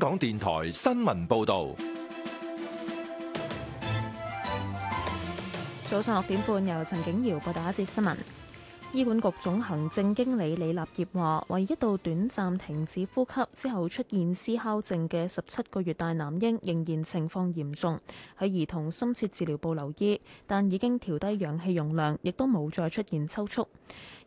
香港電台新聞報道。早上六點半，由陳景瑤報道一節新聞。醫管局總行政經理李立業話，唯一度短暫停止呼吸之後出現思焦症嘅十七個月大男嬰，仍然情況嚴重，喺兒童深切治療部留醫，但已經調低氧氣容量，亦都冇再出現抽搐。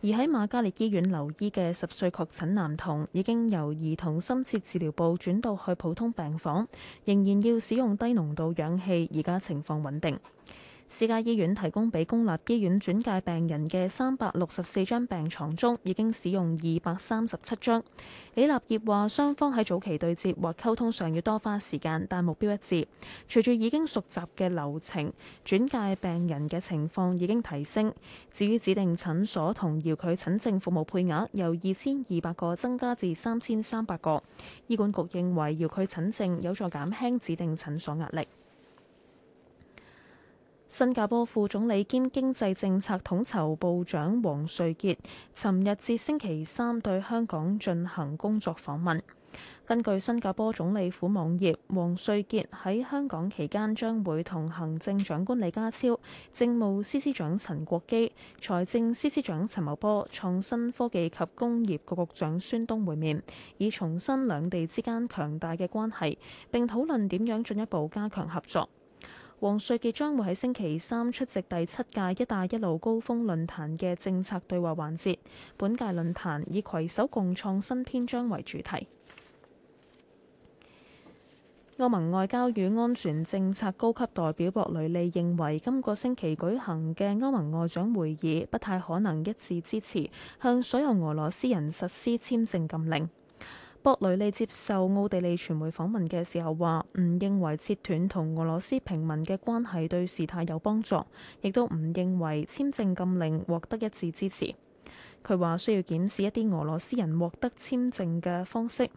而喺瑪嘉烈醫院留醫嘅十歲確診男童，已經由兒童深切治療部轉到去普通病房，仍然要使用低濃度氧氣，而家情況穩定。私家醫院提供俾公立醫院轉介病人嘅三百六十四張病床中，已經使用二百三十七張。李立業話：雙方喺早期對接或溝通上要多花時間，但目標一致。隨住已經熟習嘅流程，轉介病人嘅情況已經提升。至於指定診所同遙距診症服務配額，由二千二百個增加至三千三百個。醫管局認為遙距診症有助減輕指定診所壓力。新加坡副總理兼經濟政策統籌部長王瑞傑尋日至星期三對香港進行工作訪問。根據新加坡總理府網頁，王瑞傑喺香港期間將會同行政長官李家超、政務司司長陳國基、財政司司長陳茂波、創新科技及工業局局長孫東會面，以重申兩地之間強大嘅關係，並討論點樣進一步加強合作。王瑞杰將會喺星期三出席第七屆“一帶一路”高峰論壇嘅政策對話環節。本屆論壇以攜手共創新篇章為主題。歐盟外交與安全政策高級代表博雷利認為，今個星期舉行嘅歐盟外長會議不太可能一致支持向所有俄羅斯人實施簽證禁令。博雷利接受奧地利傳媒訪問嘅時候話：唔認為切斷同俄羅斯平民嘅關係對事態有幫助，亦都唔認為簽證禁令獲得一致支持。佢話需要檢視一啲俄羅斯人獲得簽證嘅方式，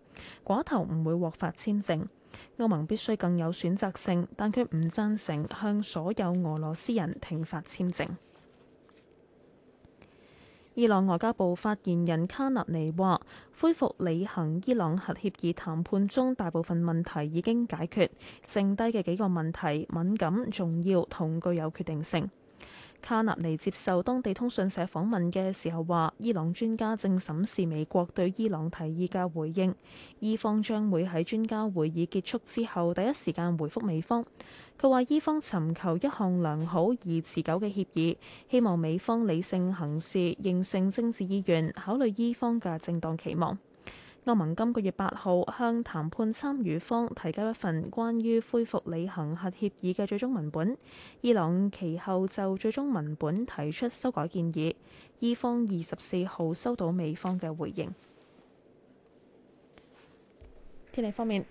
寡頭唔會獲發簽證。歐盟必須更有選擇性，但佢唔贊成向所有俄羅斯人停發簽證。伊朗外交部發言人卡納尼話，恢復履行伊朗核協議談判中大部分問題已經解決，剩低嘅幾個問題敏感、重要同具有決定性。卡納尼接受當地通訊社訪問嘅時候話，伊朗專家正審視美國對伊朗提議嘅回應，伊方將會喺專家會議結束之後第一時間回複美方。佢話伊方尋求一項良好而持久嘅協議，希望美方理性行事，應承政治意願，考慮伊方嘅正當期望。歐盟今個月八號向談判參與方提交一份關於恢復履行核協議嘅最終文本，伊朗其後就最終文本提出修改建議，伊方二十四號收到美方嘅回應。天氣方面。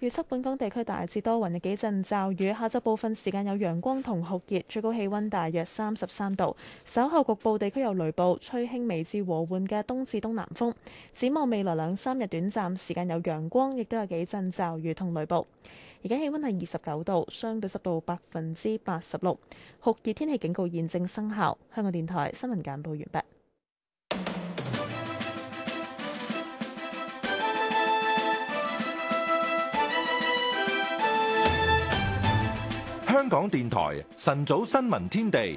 預測本港地區大致多雲，有幾陣驟雨。下晝部分時間有陽光同酷熱，最高氣溫大約三十三度。稍後局部地區有雷暴，吹輕微至和緩嘅東至東南風。展望未來兩三日短暫，短暫時間有陽光，亦都有幾陣驟雨同雷暴。而家氣溫係二十九度，相對濕度百分之八十六，酷熱天氣警告現正生效。香港電台新聞簡報完畢。香港電台晨早新聞天地，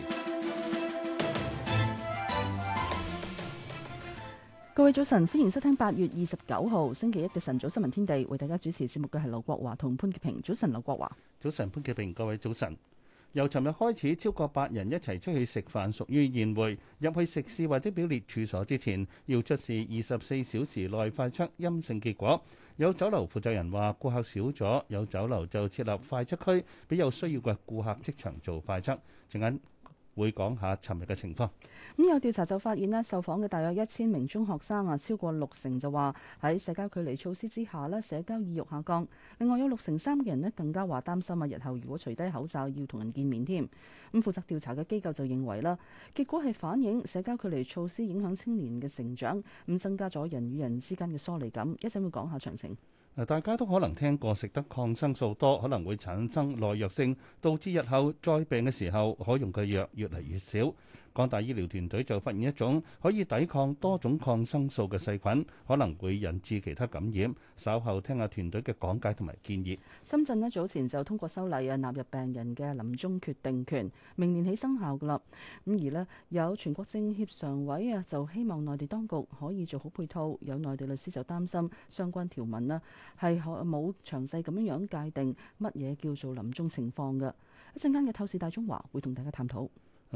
各位早晨，歡迎收聽八月二十九號星期一嘅晨早新聞天地，為大家主持節目嘅係劉國華同潘潔平。早晨，劉國華。早晨，潘潔平。各位早晨。由尋日開始，超過八人一齊出去食飯屬於宴會。入去食肆或者表列處所之前，要出示二十四小時內快測陰性結果。有酒樓負責人話：顧客少咗，有酒樓就設立快測區，俾有需要嘅顧客即場做快測。請緊。會講下尋日嘅情況。咁、嗯、有調查就發現咧，受訪嘅大約一千名中學生啊，超過六成就話喺社交距離措施之下咧，社交意欲下降。另外有六成三嘅人咧更加話擔心啊，日後如果除低口罩要同人見面添。咁、嗯、負責調查嘅機構就認為啦，結果係反映社交距離措施影響青年嘅成長，咁、嗯、增加咗人與人之間嘅疏離感。一陣會講下詳情。嗱，大家都可能聽過，食得抗生素多，可能會產生耐藥性，導致日後再病嘅時候可用嘅藥越嚟越少。港大醫療團隊就發現一種可以抵抗多種抗生素嘅細菌，可能會引致其他感染。稍後聽下團隊嘅講解同埋建議。深圳呢早前就通過修例啊，納入病人嘅臨終決定權，明年起生效㗎喇。咁而呢有全國政協常委啊，就希望內地當局可以做好配套。有內地律師就擔心相關條文呢係冇詳細咁樣樣界定乜嘢叫做臨終情況㗎。一陣間嘅透視大中華會同大家探討。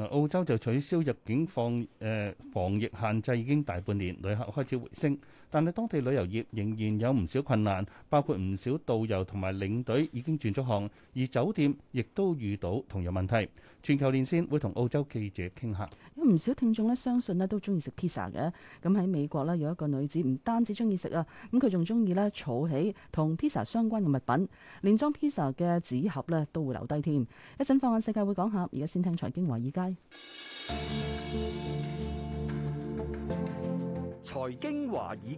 澳洲就取消入境防誒、呃、防疫限制已經大半年，旅客開始回升，但係當地旅遊業仍然有唔少困難，包括唔少導遊同埋領隊已經轉咗行，而酒店亦都遇到同樣問題，全球連線會同澳洲記者傾下。有唔少聽眾咧，相信咧都中意食披薩嘅。咁喺美國咧有一個女子唔單止中意食啊，咁佢仲中意咧儲起同披薩相關嘅物品，連裝披薩嘅紙盒咧都會留低添。一陣放眼世界會講下，而家先聽財經華爾街，而家。財經華爾街，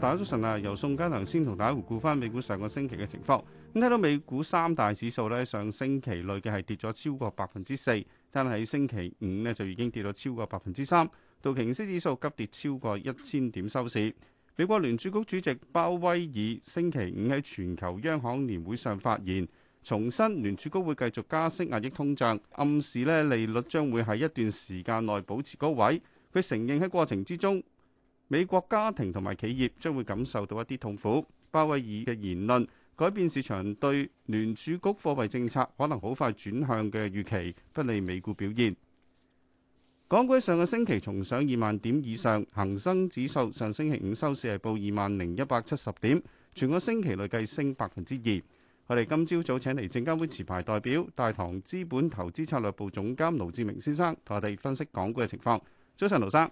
大家早晨啊！由宋嘉良先同大家回顧翻美股上個星期嘅情況。咁睇到美股三大指數呢，上星期累計係跌咗超過百分之四，但係喺星期五呢就已經跌到超過百分之三。道瓊斯指數急跌超過一千點收市。美國聯儲局主席鮑威爾星期五喺全球央行年會上發言。重申聯儲局會繼續加息壓抑通脹，暗示咧利率將會喺一段時間內保持高位。佢承認喺過程之中，美國家庭同埋企業將會感受到一啲痛苦。鮑威爾嘅言論改變市場對聯儲局貨幣政策可能好快轉向嘅預期，不利美股表現。港股上個星期重上二萬點以上，恒生指數上星期五收市係報二萬零一百七十點，全個星期累計升百分之二。我哋今朝早，早請嚟證監會持牌代表、大堂資本投資策略部總監盧志明先生，同我哋分析港股嘅情況。早晨，盧生，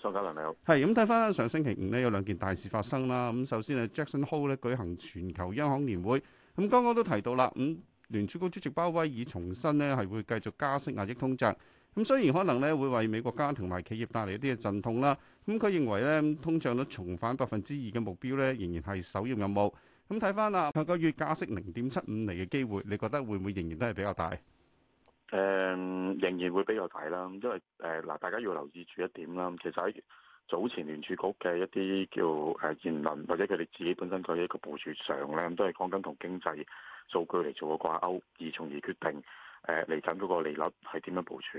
宋嘉麟你好。係咁睇翻上星期五呢，有兩件大事發生啦。咁首先係 Jackson Hole 呢舉行全球央行年會。咁剛剛都提到啦，咁、嗯、聯儲局主席鮑威爾重申呢係會繼續加息壓抑通脹。咁雖然可能呢會為美國家庭同埋企業帶嚟一啲嘅陣痛啦。咁佢認為呢，通脹率重返百分之二嘅目標呢，仍然係首要任務。咁睇翻啊，下個月加息零點七五厘嘅機會，你覺得會唔會仍然都係比較大？誒、嗯，仍然會比較大啦，因為誒嗱、呃，大家要留意住一點啦。其實喺早前聯儲局嘅一啲叫誒言論，或者佢哋自己本身佢一個部署上咧，都係講緊同經濟數據嚟做個掛勾，而從而決定誒嚟緊嗰個利率係點樣部署。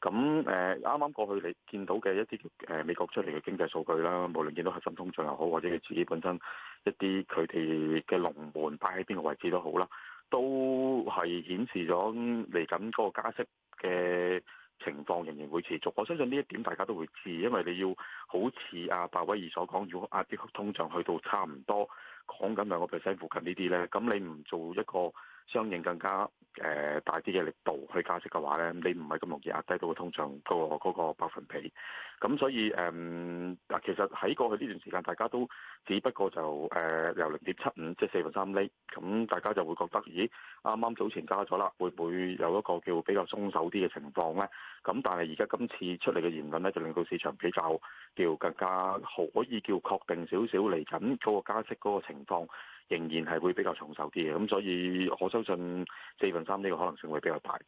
咁誒啱啱過去你見到嘅一啲誒美國出嚟嘅經濟數據啦，無論見到核心通脹又好，或者佢自己本身一啲佢哋嘅龍門擺喺邊個位置都好啦，都係顯示咗嚟緊個加息嘅情況仍然會持續。我相信呢一點大家都會知，因為你要好似阿鮑威爾所講，如果壓低通脹去到差唔多講緊兩個 percent 附近呢啲呢，咁你唔做一個相應更加誒、呃、大啲嘅力度去加息嘅話呢，你唔係咁容易壓低到個通脹，嗰個嗰、嗰個百分比。咁所以誒嗱、嗯，其實喺過去呢段時間，大家都只不過就誒、呃、由零點七五即係四分三厘，咁大家就會覺得咦，啱啱早前加咗啦，會唔會有一個叫比較鬆手啲嘅情況呢？咁但係而家今次出嚟嘅言論呢，就令到市場比較叫更加可以叫確定少少嚟緊嗰個加息嗰個情況。仍然係會比較重手啲嘅，咁所以我相信四分三呢個可能性會比較大。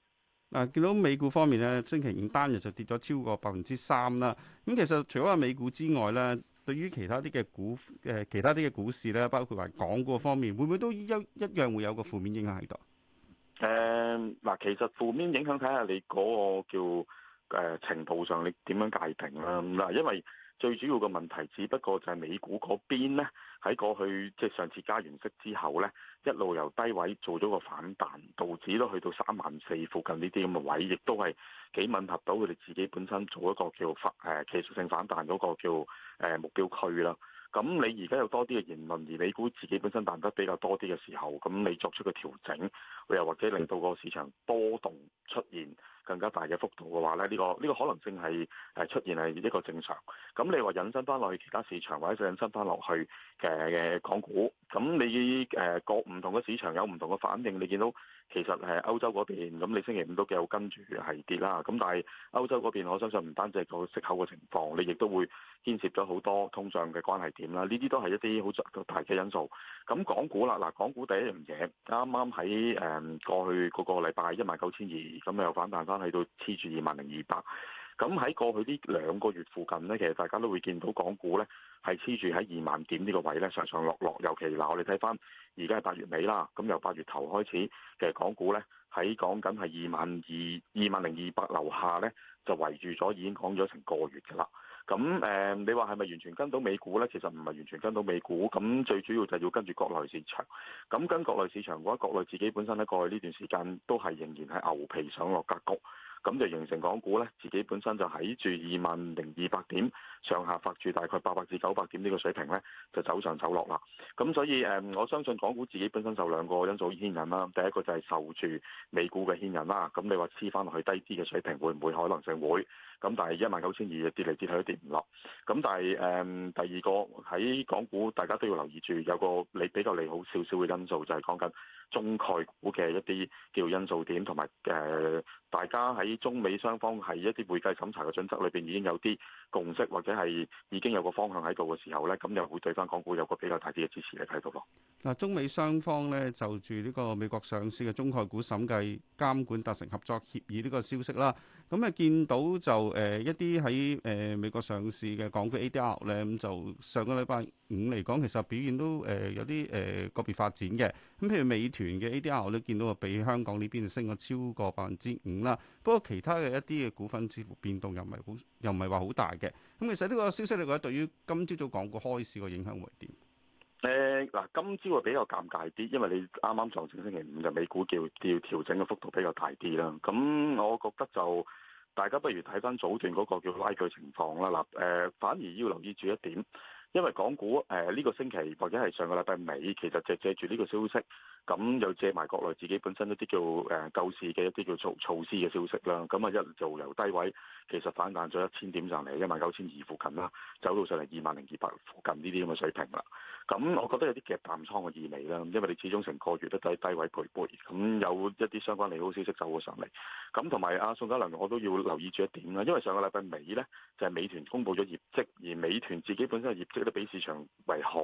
嗱，見到美股方面咧，星期五單日就跌咗超過百分之三啦。咁其實除咗美股之外咧，對於其他啲嘅股誒其他啲嘅股市咧，包括埋港股方面，會唔會都一一樣會有個負面影響喺度？誒，嗱，其實負面影響睇下你嗰個叫誒、呃、程度上，你點樣界定啦？咁嗱，因為，最主要嘅問題，只不過就係美股嗰邊呢，喺過去即係上次加完息之後呢，一路由低位做咗個反彈，導致都去到三萬四附近呢啲咁嘅位，亦都係幾吻合到佢哋自己本身做一個叫反誒、呃、技術性反彈嗰個叫、呃、目標區啦。咁你而家有多啲嘅言論，而美股自己本身彈得比較多啲嘅時候，咁你作出嘅調整，又或者令到個市場波動出現。更加大嘅幅度嘅話咧，呢、這個呢、這個可能性係誒出現係一個正常。咁你話引申翻落去其他市場，或者引申翻落去嘅、呃、港股，咁你誒、呃、各唔同嘅市場有唔同嘅反應。你見到其實誒歐洲嗰邊，咁你星期五都幾好，跟住係跌啦。咁但係歐洲嗰邊，我相信唔單止係個息口嘅情況，你亦都會牽涉咗好多通脹嘅關係點啦。呢啲都係一啲好大嘅因素。咁港股啦，嗱港股第一樣嘢，啱啱喺誒過去個個禮拜一萬九千二，咁又反彈翻。翻去到黐住二萬零二百，咁喺20，過去呢兩個月附近呢，其實大家都會見到港股呢係黐住喺二萬點呢個位呢，上上落落，尤其嗱、呃、我哋睇翻而家係八月尾啦，咁由八月頭開始，其實港股呢喺講緊係二萬二二萬零二百樓下呢，就圍住咗已經講咗成個月㗎啦。咁誒、嗯，你話係咪完全跟到美股呢？其實唔係完全跟到美股。咁最主要就係要跟住國內市場。咁跟國內市場嘅話，國內自己本身呢，過去呢段時間都係仍然係牛皮上落格局，咁就形成港股呢，自己本身就喺住二萬零二百點上下，發住大概八百至九百點呢個水平呢，就走上走落啦。咁所以誒、嗯，我相信港股自己本身就兩個因素牽引啦。第一個就係受住美股嘅牽引啦。咁你話黐翻落去低啲嘅水平，會唔會可能性會？咁但係一萬九千二跌嚟跌去都跌唔落。咁但係誒、嗯，第二個喺港股，大家都要留意住，有個你比較利好少少嘅因素，就係講緊中概股嘅一啲叫因素點，同埋誒，大家喺中美雙方係一啲會計審查嘅準則裏邊已經有啲共識，或者係已經有個方向喺度嘅時候呢，咁又會對翻港股有個比較大啲嘅支持力喺度咯。嗱，中美雙方呢就住呢個美國上市嘅中概股審計監管達成合作協議呢個消息啦，咁啊見到就。誒、呃，一啲喺誒美國上市嘅港股 ADR 咧，咁就上個禮拜五嚟講，其實表現都誒、呃、有啲誒個別發展嘅。咁譬如美團嘅 ADR，我都見到啊，比香港呢邊升咗超過百分之五啦。不過其他嘅一啲嘅股份，似乎變動又唔係好，又唔係話好大嘅。咁、嗯、其實呢個消息你覺得對於今朝早港股開市個影響會點？誒，嗱，今朝會比較尷尬啲，因為你啱啱撞正星期五就美股調調調整嘅幅度比較大啲啦。咁我覺得就。大家不如睇翻早段嗰個叫拉鋸情況啦。嗱，誒，反而要留意住一點。因為港股誒呢、呃這個星期或者係上個禮拜尾，其實借借住呢個消息，咁又借埋國內自己本身一啲叫誒救市嘅一啲叫做措，措施嘅消息啦，咁啊一路做由低位，其實反彈咗一千點上嚟，一萬九千二附近啦，走到上嚟二萬零二百附近呢啲咁嘅水平啦。咁我覺得有啲夾淡倉嘅意味啦，因為你始終成個月都低低位徘徊，咁有一啲相關利好消息走咗上嚟。咁同埋啊宋嘉良，我都要留意住一點啦，因為上個禮拜尾呢，就係、是、美團公布咗業績，而美團自己本身嘅業績。覺得比市場為好。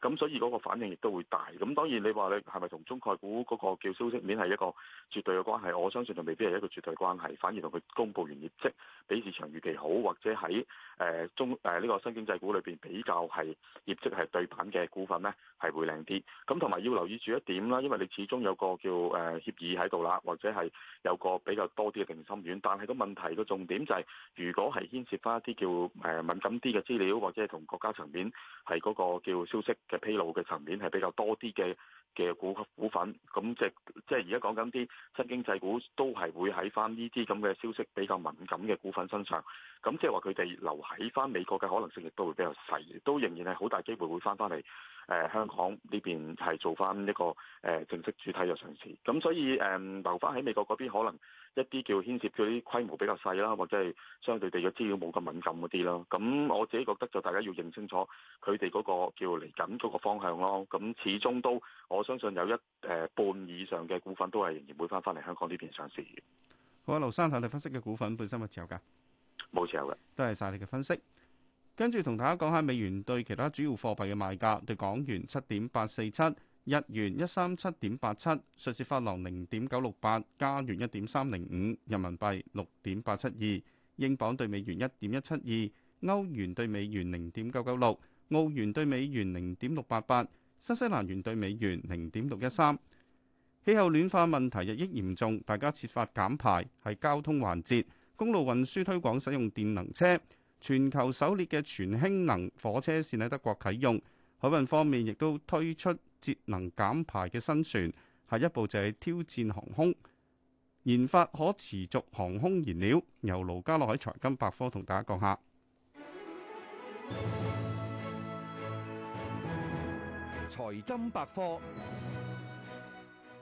咁所以嗰個反應亦都會大，咁當然你話你係咪同中概股嗰個叫消息面係一個絕對嘅關係，我相信就未必係一個絕對關係，反而同佢公布完業績比市場預期好，或者喺誒、呃、中誒呢、呃這個新經濟股裏邊比較係業績係對板嘅股份咧，係會靚啲。咁同埋要留意住一點啦，因為你始終有個叫誒協議喺度啦，或者係有個比較多啲嘅定心丸。但係個問題個重點就係、是，如果係牽涉翻一啲叫誒敏感啲嘅資料，或者係同國家層面係嗰個叫消息嘅披露嘅層面係比較多啲嘅嘅股股份，咁即即係而家講緊啲新經濟股都係會喺翻呢啲咁嘅消息比較敏感嘅股份身上，咁即係話佢哋留喺翻美國嘅可能性亦都會比較細，都仍然係好大機會會翻翻嚟誒香港呢邊係做翻一個誒正式主體嘅上市，咁所以誒、嗯、留翻喺美國嗰邊可能。一啲叫牽涉嗰啲規模比較細啦，或者係相對地嘅資料冇咁敏感嗰啲咯。咁我自己覺得就大家要認清楚佢哋嗰個叫嚟緊嗰個方向咯。咁始終都我相信有一誒、呃、半以上嘅股份都係仍然會返返嚟香港呢邊上市。好啊，劉生，睇你分析嘅股份本身有冇持有㗎？冇持有嘅，多謝晒你嘅分析。跟住同大家講下美元對其他主要貨幣嘅賣價，對港元七點八四七。日元一三七點八七，瑞士法郎零點九六八，加元一點三零五，人民幣六點八七二，英鎊對美元一點一七二，歐元對美元零點九九六，澳元對美元零點六八八，新西蘭元對美元零點六一三。氣候暖化問題日益嚴重，大家設法減排係交通環節，公路運輸推廣使用電能車，全球首列嘅全氫能火車線喺德國啟用。海運方面亦都推出節能減排嘅新船，下一步就係挑戰航空，研發可持續航空燃料。由盧家樂喺財金百科同大家講下。財金百科，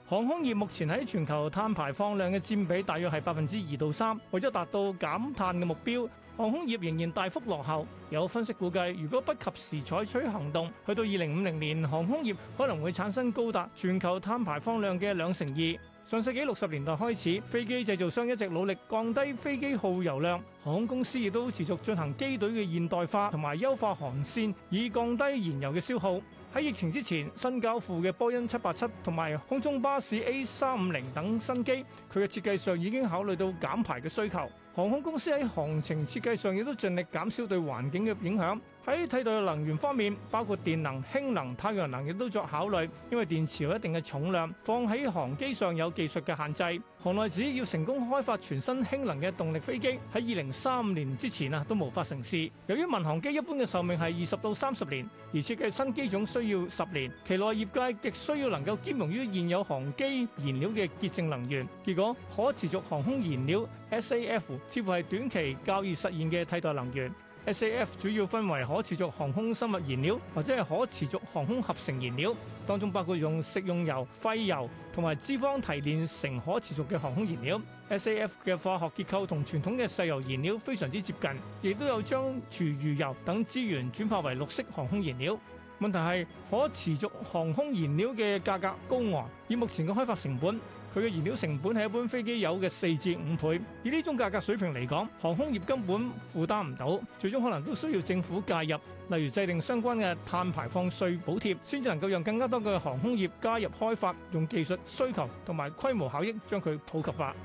航空業目前喺全球碳排放量嘅佔比大約係百分之二到三，為咗達到減碳嘅目標。航空業仍然大幅落後，有分析估計，如果不及時採取行動，去到二零五零年，航空業可能會產生高達全球碳排放量嘅兩成二。上世紀六十年代開始，飛機製造商一直努力降低飛機耗油量，航空公司亦都持續進行機隊嘅現代化同埋優化航線，以降低燃油嘅消耗。喺疫情之前，新交付嘅波音七八七同埋空中巴士 A 三五零等新機，佢嘅設計上已經考慮到減排嘅需求。航空公司喺航程設計上亦都盡力減少對環境嘅影響。喺替代能源方面，包括電能、氫能、太陽能，亦都作考慮。因為電池有一定嘅重量，放喺航機上有技術嘅限制。航內指要成功開發全新氫能嘅動力飛機，喺二零三五年之前啊都無法成事。由於民航機一般嘅壽命係二十到三十年，而設計新機種需要十年，其內業界極需要能夠兼容於現有航機燃料嘅潔淨能源。結果，可持續航空燃料。S A F 似乎係短期較易實現嘅替代能源。S A F 主要分為可持續航空生物燃料或者係可持續航空合成燃料，當中包括用食用油、廢油同埋脂肪提煉成可持續嘅航空燃料。S A F 嘅化學結構同傳統嘅石油燃料非常之接近，亦都有將廚餘油等資源轉化為綠色航空燃料。問題係可持續航空燃料嘅價格高昂，以目前嘅開發成本。佢嘅燃料成本係一般飛機油嘅四至五倍，以呢種價格水平嚟講，航空業根本負擔唔到，最終可能都需要政府介入，例如制定相關嘅碳排放稅補貼先至能夠讓更加多嘅航空業加入開發，用技術需求同埋規模效益將佢普及化。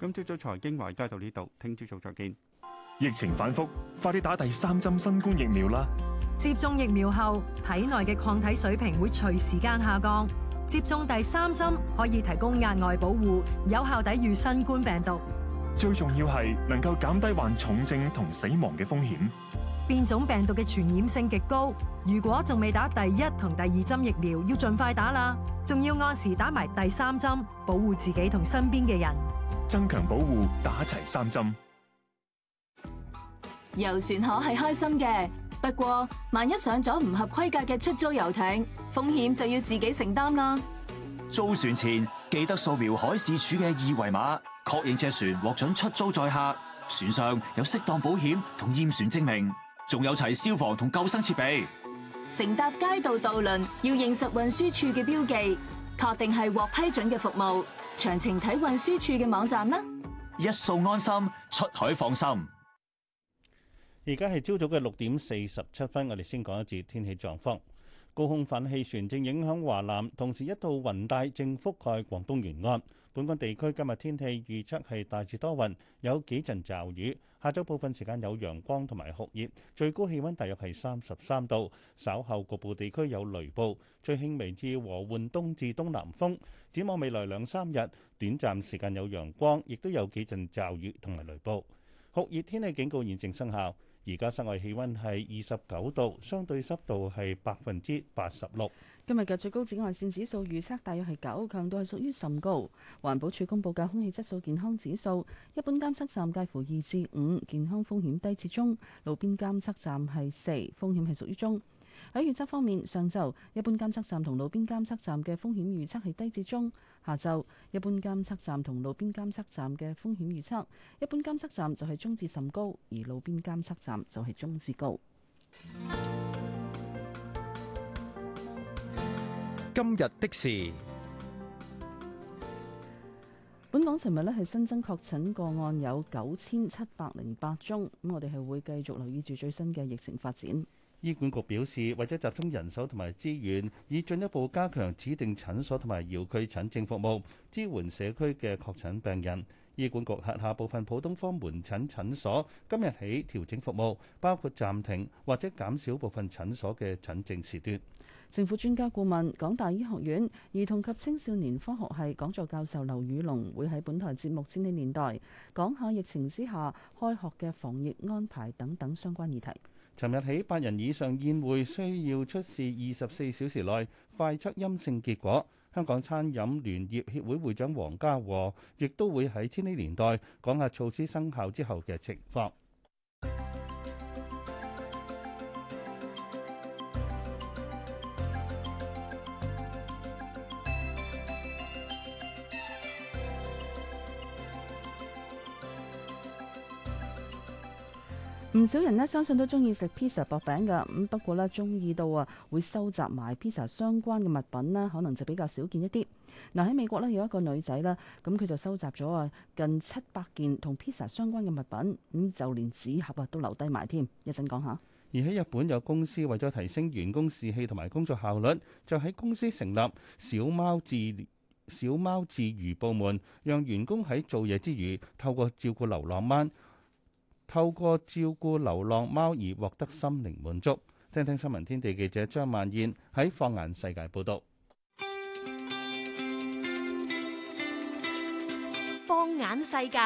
今朝早財經話齋到呢度，聽朝早再見。疫情反復，快啲打第三針新冠疫苗啦！接種疫苗後體內嘅抗體水平會隨時間下降。接種第三針可以提供額外保護，有效抵禦新冠病毒。最重要係能夠減低患重症同死亡嘅風險。變種病毒嘅傳染性極高，如果仲未打第一同第二針疫苗，要盡快打啦。仲要按時打埋第三針，保護自己同身邊嘅人。增強保護，打齊三針。遊船河係開心嘅。不過，萬一上咗唔合規格嘅出租遊艇，風險就要自己承擔啦。租船前記得掃描海事處嘅二維碼，確認隻船獲准出租載客，船上有適當保險同驗船證明，仲有齊消防同救生設備。乘搭街道渡輪要認實運輸署嘅標記，確定係獲批准嘅服務，詳情睇運輸署嘅網站啦。一掃安心，出海放心。而家係朝早嘅六點四十七分，我哋先講一節天氣狀況。高空反氣旋正影響華南，同時一道雲帶正覆蓋廣東沿岸。本港地區今日天氣預測係大致多雲，有幾陣驟雨。下晝部分時間有陽光同埋酷熱，最高氣温大約係三十三度。稍後局部地區有雷暴，最輕微至和緩東至東南風。展望未來兩三日，短暫時間有陽光，亦都有幾陣驟雨同埋雷暴。酷熱天氣警告現正生效。而家室外氣温係二十九度，相對濕度係百分之八十六。今日嘅最高紫外線指數預測大約係九，強度係屬於甚高。環保署公布嘅空氣質素健康指數，一般監測站介乎二至五，健康風險低至中；路邊監測站係四，風險係屬於中。喺預測方面，上晝一般監測站同路邊監測站嘅風險預測係低至中。下晝一般監測站同路邊監測站嘅風險預測，一般監測站就係中至甚高，而路邊監測站就係中至高。今日的事，本港尋日呢係新增確診個案有九千七百零八宗，咁我哋係會繼續留意住最新嘅疫情發展。醫管局表示，為咗集中人手同埋資源，以進一步加強指定診所同埋遙區診症服務，支援社區嘅確診病人。醫管局轄下部分普通科門診診所今日起調整服務，包括暫停或者減少部分診所嘅診症時段。政府專家顧問、港大醫學院兒童及青少年科學系講座教授劉宇龍會喺本台節目《千禧年代》講下疫情之下開學嘅防疫安排等等相關議題。尋日起，八人以上宴會需要出示二十四小時內快測陰性結果。香港餐飲聯業協會會長黃家和亦都會喺千禧年代講下措施生效之後嘅情況。唔少人咧相信都中意食 pizza 薄餅嘅，咁不過呢，中意到啊會收集埋 pizza 相關嘅物品呢可能就比較少見一啲。嗱、呃、喺美國呢，有一個女仔咧，咁佢就收集咗啊近七百件同 pizza 相關嘅物品，咁、嗯、就連紙盒啊都留低埋添。一陣講下。而喺日本有公司為咗提升員工士氣同埋工作效率，就喺公司成立小貓治小貓治癒部門，讓員工喺做嘢之餘透過照顧流浪貓。透過照顧流浪貓而獲得心靈滿足。聽聽新聞天地記者張萬燕喺《放眼世界》報道，《放眼世界》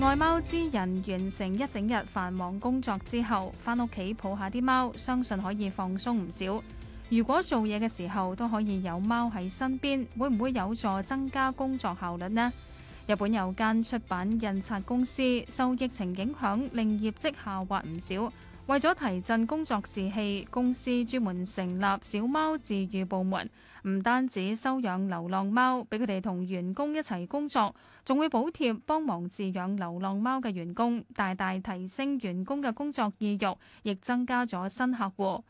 愛貓之人完成一整日繁忙工作之後，翻屋企抱下啲貓，相信可以放鬆唔少。如果做嘢嘅時候都可以有貓喺身邊，會唔會有助增加工作效率呢？日本有間出版印刷公司受疫情影響，令業績下滑唔少。為咗提振工作士氣，公司專門成立小貓治癒部門，唔單止收養流浪貓，俾佢哋同員工一齊工作，仲會補貼幫忙飼養流浪貓嘅員工，大大提升員工嘅工作意欲，亦增加咗新客戶。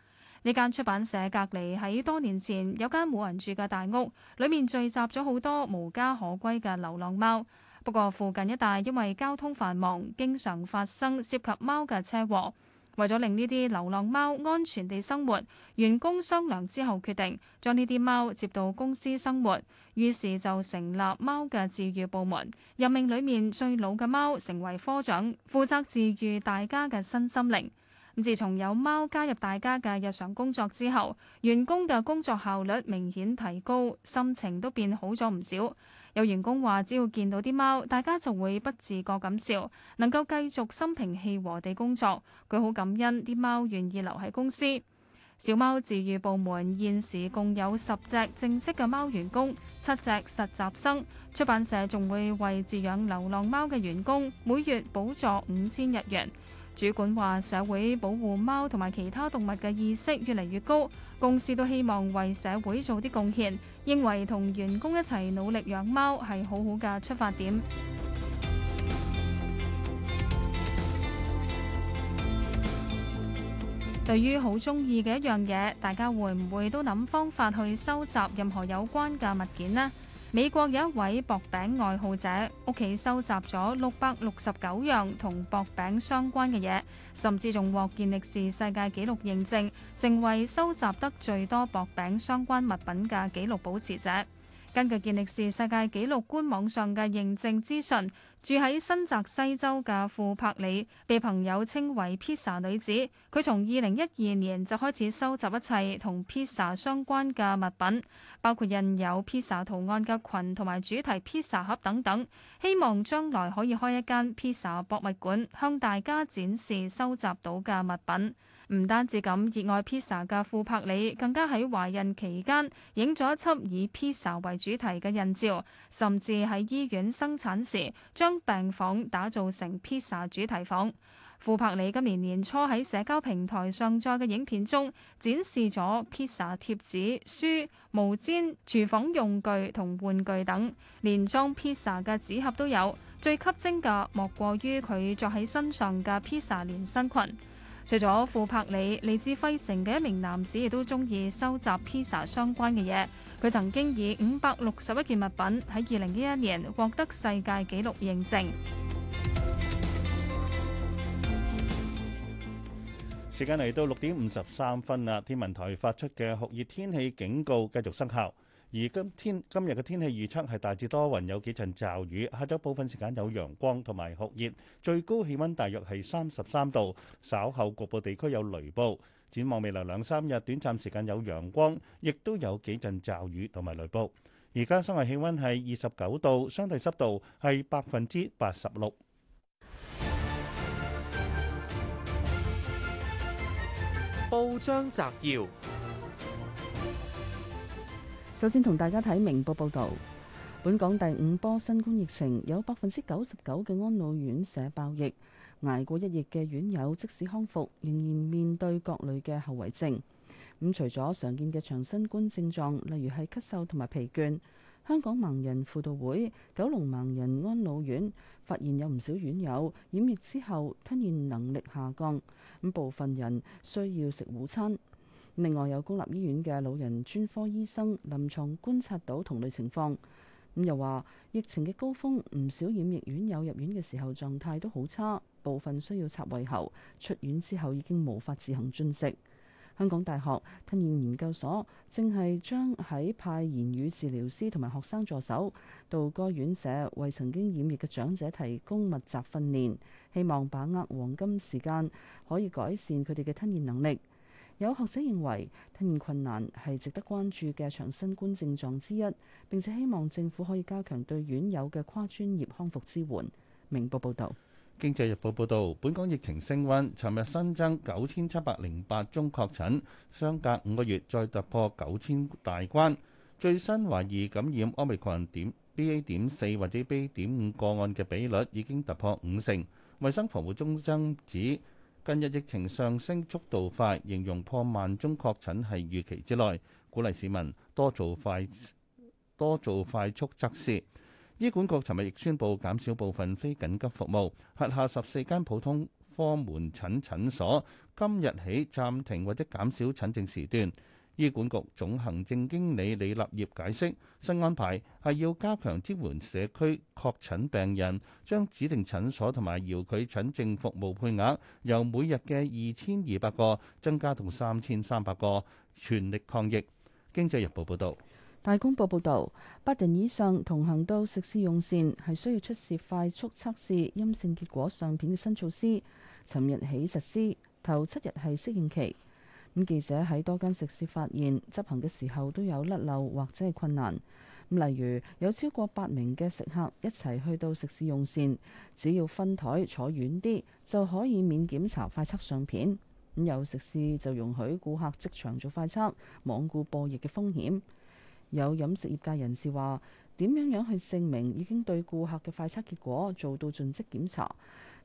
呢間出版社隔離喺多年前有間冇人住嘅大屋，裡面聚集咗好多無家可歸嘅流浪貓。不過附近一帶因為交通繁忙，經常發生涉及貓嘅車禍。為咗令呢啲流浪貓安全地生活，員工商量之後決定將呢啲貓接到公司生活。於是就成立貓嘅治癒部門，任命裡面最老嘅貓成為科長，負責治癒大家嘅身心靈。自從有貓加入大家嘅日常工作之後，員工嘅工作效率明顯提高，心情都變好咗唔少。有員工話：只要見到啲貓，大家就會不自覺咁笑，能夠繼續心平氣和地工作。佢好感恩啲貓願意留喺公司。小貓治癒部門現時共有十隻正式嘅貓員工，七隻實習生。出版社仲會為飼養流浪貓嘅員工每月補助五千日元。主管話：社會保護貓同埋其他動物嘅意識越嚟越高，公司都希望為社會做啲貢獻，認為同員工一齊努力養貓係好好嘅出發點。 對於好鍾意嘅一樣嘢，大家會唔會都諗方法去收集任何有關嘅物件呢？美國有一位薄餅愛好者，屋企收集咗六百六十九樣同薄餅相關嘅嘢，甚至仲獲健力士世界紀錄認證，成為收集得最多薄餅相關物品嘅紀錄保持者。根據健力士世界紀錄官網上嘅認證資訊，住喺新澤西州嘅庫柏里被朋友稱為披薩女子。佢從二零一二年就開始收集一切同披薩相關嘅物品，包括印有披薩圖案嘅裙同埋主題披薩盒等等，希望將來可以開一間披薩博物館，向大家展示收集到嘅物品。唔單止咁熱愛披薩嘅庫柏里，更加喺懷孕期間影咗一輯以披薩為主題嘅印照，甚至喺醫院生產時將病房打造成披薩主題房。庫柏里今年年初喺社交平台上載嘅影片中，展示咗披薩貼紙、書、毛氈、廚房用具同玩具等，連裝披薩嘅紙盒都有。最吸睛嘅莫過於佢着喺身上嘅披薩連身裙。除咗富柏里，嚟自輝城嘅一名男子亦都中意收集披薩相關嘅嘢。佢曾經以五百六十一件物品喺二零一一年獲得世界紀錄認證。時間嚟到六點五十三分啦，天文台發出嘅酷熱天氣警告繼續生效。而今天今日嘅天氣預測係大致多雲，有幾陣驟雨。下咗部分時間有陽光同埋酷熱，最高氣溫大約係三十三度。稍後局部地區有雷暴。展望未來兩三日，短暫時間有陽光，亦都有幾陣驟雨同埋雷暴。而家室外氣溫係二十九度，相對濕度係百分之八十六。報章摘要。首先同大家睇明報報導，本港第五波新冠疫情有百分之九十九嘅安老院舍爆疫，捱過一疫嘅院友即使康復，仍然面對各類嘅後遺症。咁、嗯、除咗常見嘅長新冠症狀，例如係咳嗽同埋疲倦，香港盲人輔導會、九龍盲人安老院發現有唔少院友染疫之後吞咽能力下降，咁、嗯、部分人需要食糊餐。另外有公立醫院嘅老人專科醫生臨床觀察到同類情況，咁又話疫情嘅高峰，唔少染疫院友入院嘅時候狀態都好差，部分需要插胃喉，出院之後已經無法自行進食。香港大學吞咽研究所正係將喺派言語治療師同埋學生助手到該院舍，為曾經染疫嘅長者提供密集訓練，希望把握黃金時間，可以改善佢哋嘅吞咽能力。有學者認為吞嚥困難係值得關注嘅長新冠症狀之一，並且希望政府可以加強對院友嘅跨專業康復支援。明報報道。《經濟日報》報道，本港疫情升溫，尋日新增九千七百零八宗確診，相隔五個月再突破九千大關。最新懷疑感染奧密克戎點 BA. 點四或者 BA. 點五個案嘅比率已經突破五成。衞生防護中心指。近日疫情上升速度快，形容，破萬宗確診係預期之內，鼓勵市民多做快多做快速測試。醫管局尋日亦宣布減少部分非緊急服務，轄下十四間普通科門診診所今日起暫停或者減少診症時段。醫管局總行政經理李立業解釋，新安排係要加強支援社區確診病人，將指定診所同埋遙距診症服務配額由每日嘅二千二百個增加到三千三百個，全力抗疫。經濟日報報道，大公報報道，八人以上同行到食肆用膳係需要出示快速測試陰性結果相片嘅新措施，尋日起實施，頭七日係適應期。咁記者喺多間食肆發現，執行嘅時候都有甩漏或者係困難。例如有超過八名嘅食客一齊去到食肆用膳，只要分台坐遠啲就可以免檢查快測相片。咁有食肆就容許顧客即場做快測，罔顧播疫嘅風險。有飲食業界人士話：點樣樣去證明已經對顧客嘅快測結果做到盡職檢查？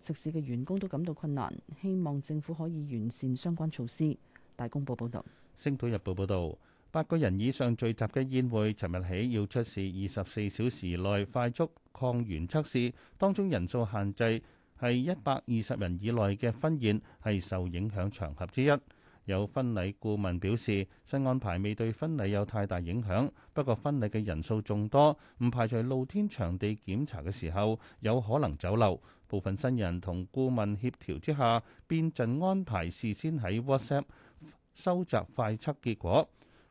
食肆嘅員工都感到困難，希望政府可以完善相關措施。大公報報導，《星島日報》報道：報報道「八個人以上聚集嘅宴會，尋日起要出示二十四小時內快速抗原測試。當中人數限制係一百二十人以內嘅婚宴係受影響場合之一。有婚禮顧問表示，新安排未對婚禮有太大影響，不過婚禮嘅人數眾多，唔排除露天場地檢查嘅時候有可能走漏。部分新人同顧問協調之下，變陣安排事先喺 WhatsApp 收集快測結果。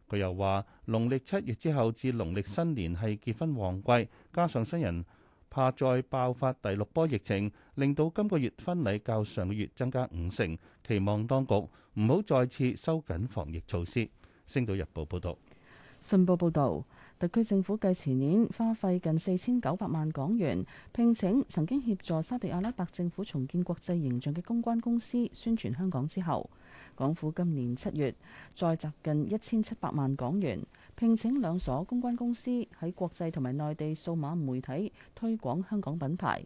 佢又話，農曆七月之後至農曆新年係結婚旺季，加上新人怕再爆發第六波疫情，令到今個月婚禮較上個月增加五成。期望當局唔好再次收緊防疫措施。星島日報報道。信報報道，特區政府繼前年花費近四千九百萬港元，聘請曾經協助沙特阿拉伯政府重建國際形象嘅公關公司宣傳香港之後。港府今年七月再集近一千七百萬港元，聘請兩所公關公司喺國際同埋內地數碼媒體推廣香港品牌。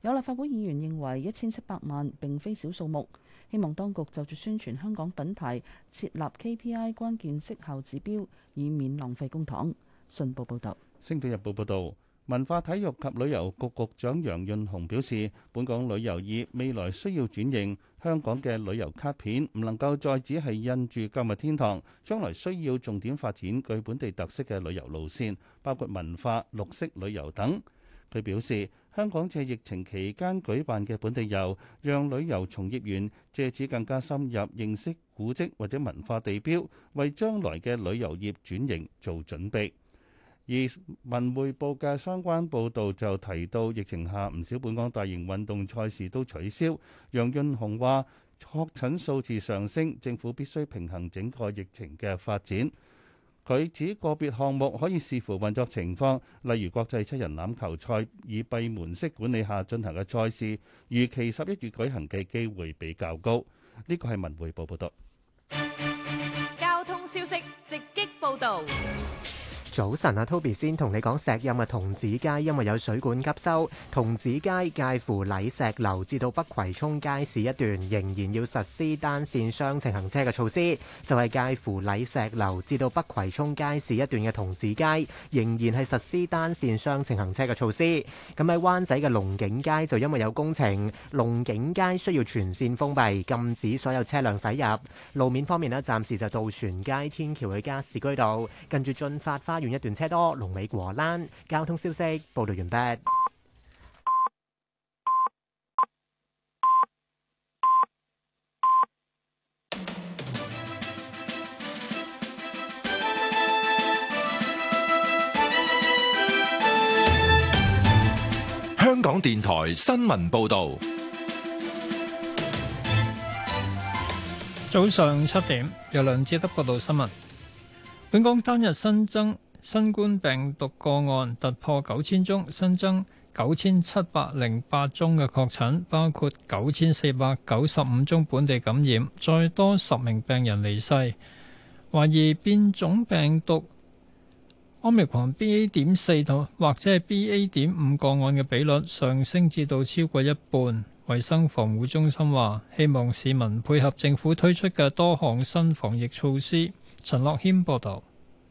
有立法會議員認為一千七百萬並非小數目，希望當局就住宣傳香港品牌設立 KPI 關鍵績效指標，以免浪費公帑。信報報導，《星島日報，報道》報導。文化體育及旅遊局局長楊潤雄表示，本港旅遊業未來需要轉型，香港嘅旅遊卡片唔能夠再只係印住購物天堂，將來需要重點發展具本地特色嘅旅遊路綫，包括文化、綠色旅遊等。佢表示，香港借疫情期間舉辦嘅本地遊，讓旅遊從業員借此更加深入認識古蹟或者文化地標，為將來嘅旅遊業轉型做準備。而文匯報嘅相關報道就提到，疫情下唔少本港大型運動賽事都取消。楊潤雄話，確診數字上升，政府必須平衡整個疫情嘅發展。佢指個別項目可以視乎運作情況，例如國際七人欖球賽以閉門式管理下進行嘅賽事，預期十一月舉行嘅機會比較高。呢個係文匯報報道。交通消息直擊報道。早晨啊，Toby 先同你講，石蔭啊，童子街因為有水管急修，童子街介乎禮石樓至到北葵涌街市一段仍然要實施單線雙程行車嘅措施，就係介乎禮石樓至到北葵涌街市一段嘅童子街仍然係實施單線雙程行車嘅措施。咁喺灣仔嘅龍景街就因為有工程，龍景街需要全線封閉，禁止所有車輛駛入。路面方面咧，暫時就渡船街天橋去加士居道，跟住進發花完一段車多，龍尾過欄。交通消息報道完畢。香港電台新聞報導，早上七點由梁志德報道新聞。本港單日新增。新冠病毒個案突破九千宗，新增九千七百零八宗嘅確診，包括九千四百九十五宗本地感染，再多十名病人離世。懷疑變種病毒奧密克戎 BA. 點四同或者係 BA. 點五個案嘅比率上升至到超過一半。衞生防護中心話：希望市民配合政府推出嘅多項新防疫措施。陳樂軒報導。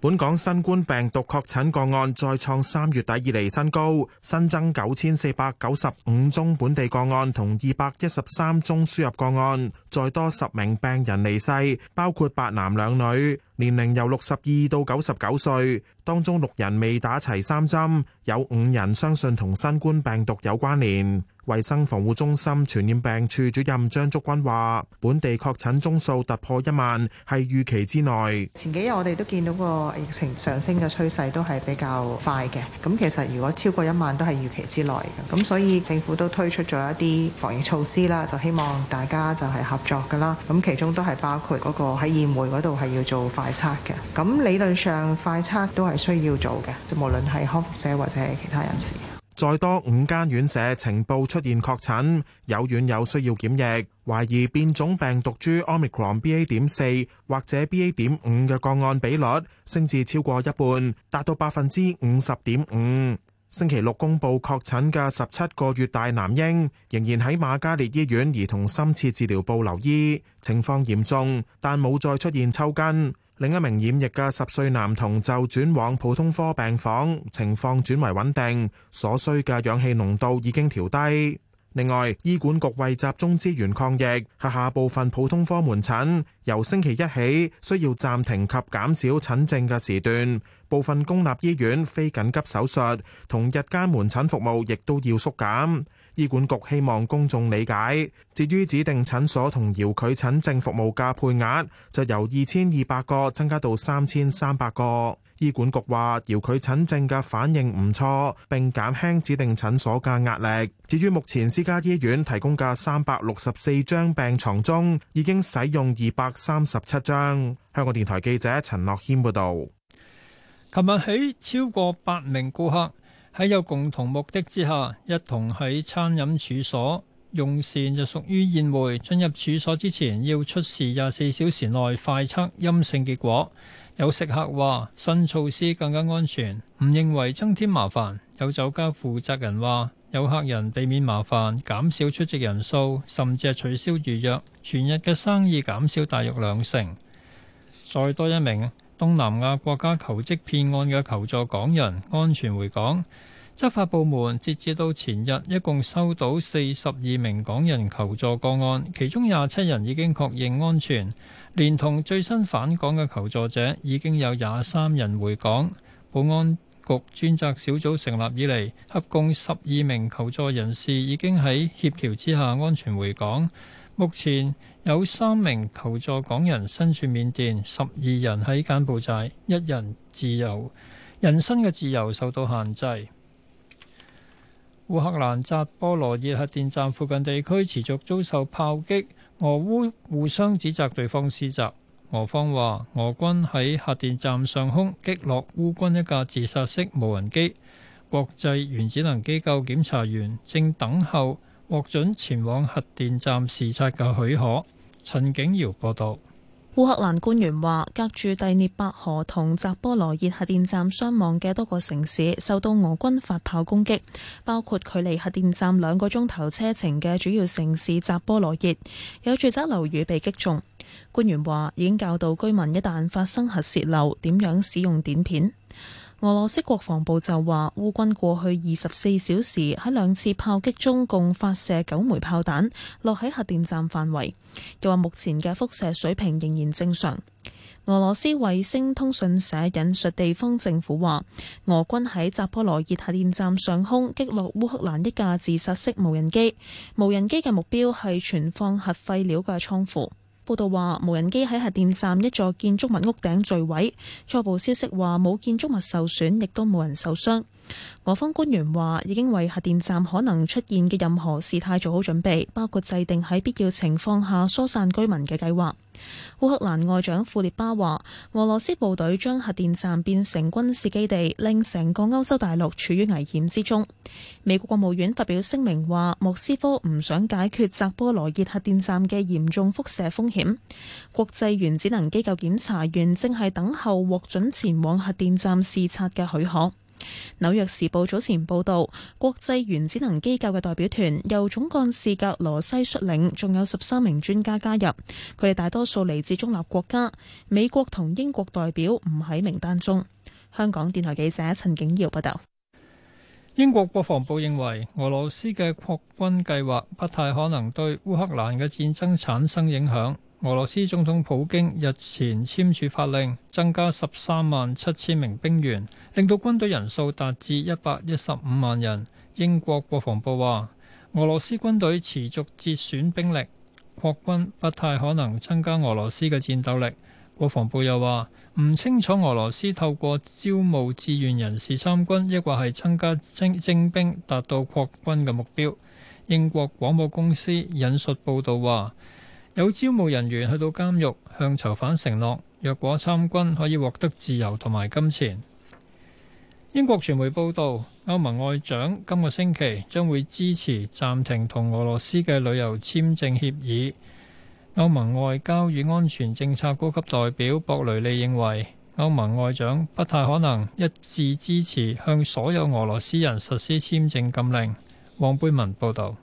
本港新冠病毒確診個案再創三月底以嚟新高，新增九千四百九十五宗本地個案，同二百一十三宗輸入個案，再多十名病人離世，包括八男兩女，年齡由六十二到九十九歲，當中六人未打齊三針，有五人相信同新冠病毒有關聯。衛生防護中心傳染病處主任張竹君話，本地確診宗數突破一萬係預期之內。前幾日我哋都見到個疫情上升嘅趨勢都係比較快嘅，咁其實如果超過一萬都係預期之內嘅，咁所以政府都推出咗一啲防疫措施啦，就希望大家就係合作噶啦，咁其中都係包括嗰個喺宴會嗰度係要做快測嘅，咁理論上快測都係需要做嘅，就係無論係康復者或者係其他人士。再多五間院舍呈報出現確診，有院友需要檢疫，懷疑變種病毒株 omicron BA. 點四或者 BA. 點五嘅個案比率升至超過一半，達到百分之五十點五。星期六公布確診嘅十七個月大男嬰仍然喺瑪嘉烈醫院兒童深切治療部留醫，情況嚴重，但冇再出現抽筋。另一名染疫嘅十歲男童就轉往普通科病房，情況轉為穩定，所需嘅氧氣濃度已經調低。另外，醫管局為集中資源抗疫，轄下部分普通科門診由星期一起需要暫停及減少診症嘅時段，部分公立醫院非緊急手術同日間門診服務亦都要縮減。醫管局希望公眾理解，至於指定診所同遙距診症服務嘅配額，就由二千二百個增加到三千三百個。醫管局話，遙距診症嘅反應唔錯，並減輕指定診所嘅壓力。至於目前私家醫院提供嘅三百六十四張病床中，已經使用二百三十七張。香港電台記者陳樂謙報道。琴日起超過八名顧客。喺有共同目的之下，一同喺餐飲處所用膳就屬於宴會。進入處所之前要出示廿四小時內快測陰性結果。有食客話新措施更加安全，唔認為增添麻煩。有酒家負責人話有客人避免麻煩，減少出席人數，甚至係取消預約，全日嘅生意減少大約兩成。再多一名，東南亞國家求職騙案嘅求助港人安全回港，執法部門截至到前日，一共收到四十二名港人求助個案，其中廿七人已經確認安全，連同最新返港嘅求助者，已經有廿三人回港。保安。局專責小組成立以嚟，合共十二名求助人士已經喺協調之下安全回港。目前有三名求助港人身處緬甸，十二人喺柬埔寨，一人自由，人身嘅自由受到限制。烏克蘭扎波羅熱核電站附近地區持續遭受炮擊，俄烏互相指責對方施襲。俄方話，俄軍喺核電站上空擊落烏軍一架自殺式無人機。國際原子能機構檢查員正等候獲准前往核電站視察嘅許可。陳景堯報道，烏克蘭官員話，隔住第涅伯河同扎波羅熱核電站相望嘅多個城市受到俄軍發炮攻擊，包括距離核電站兩個鐘頭車程嘅主要城市扎波羅熱，有住宅樓宇被擊中。官員話已經教導居民，一旦發生核洩漏，點樣使用碘片。俄羅斯國防部就話，烏軍過去二十四小時喺兩次炮擊中共發射九枚炮彈落喺核電站範圍，又話目前嘅輻射水平仍然正常。俄羅斯衛星通訊社引述地方政府話，俄軍喺扎波羅熱核電站上空擊落烏克蘭一架自殺式無人機，無人機嘅目標係存放核廢料嘅倉庫。報道話，無人機喺核電站一座建築物屋頂墜毀。初步消息話，冇建築物受損，亦都冇人受傷。俄方官員話，已經為核電站可能出現嘅任何事態做好準備，包括制定喺必要情況下疏散居民嘅計劃。烏克蘭外長庫列巴話：俄羅斯部隊將核電站變成軍事基地，令成個歐洲大陸處於危險之中。美國國務院發表聲明話：莫斯科唔想解決扎波羅熱核電站嘅嚴重輻射風險。國際原子能機構檢查員正係等候獲准前往核電站視察嘅許可。紐約時報早前報道，國際原子能機構嘅代表團由總幹事格羅西率領，仲有十三名專家加入。佢哋大多數嚟自中立國家，美國同英國代表唔喺名單中。香港電台記者陳景堯報道。英國國防部認為俄羅斯嘅擴軍計劃不太可能對烏克蘭嘅戰爭產生影響。俄羅斯總統普京日前簽署法令，增加十三萬七千名兵員。令到軍隊人數達至一百一十五萬人。英國國防部話：俄羅斯軍隊持續折損兵力擴軍，不太可能增加俄羅斯嘅戰鬥力。國防部又話唔清楚俄羅斯透過招募志願人士參軍，抑或係增加徵徵兵，達到擴軍嘅目標。英國廣播公司引述報導話：有招募人員去到監獄，向囚犯承諾，若果參軍可以獲得自由同埋金錢。英國傳媒報道，歐盟外長今個星期將會支持暫停同俄羅斯嘅旅遊簽證協議。歐盟外交與安全政策高級代表博雷利認為，歐盟外長不太可能一致支持向所有俄羅斯人實施簽證禁令。黃貝文報道，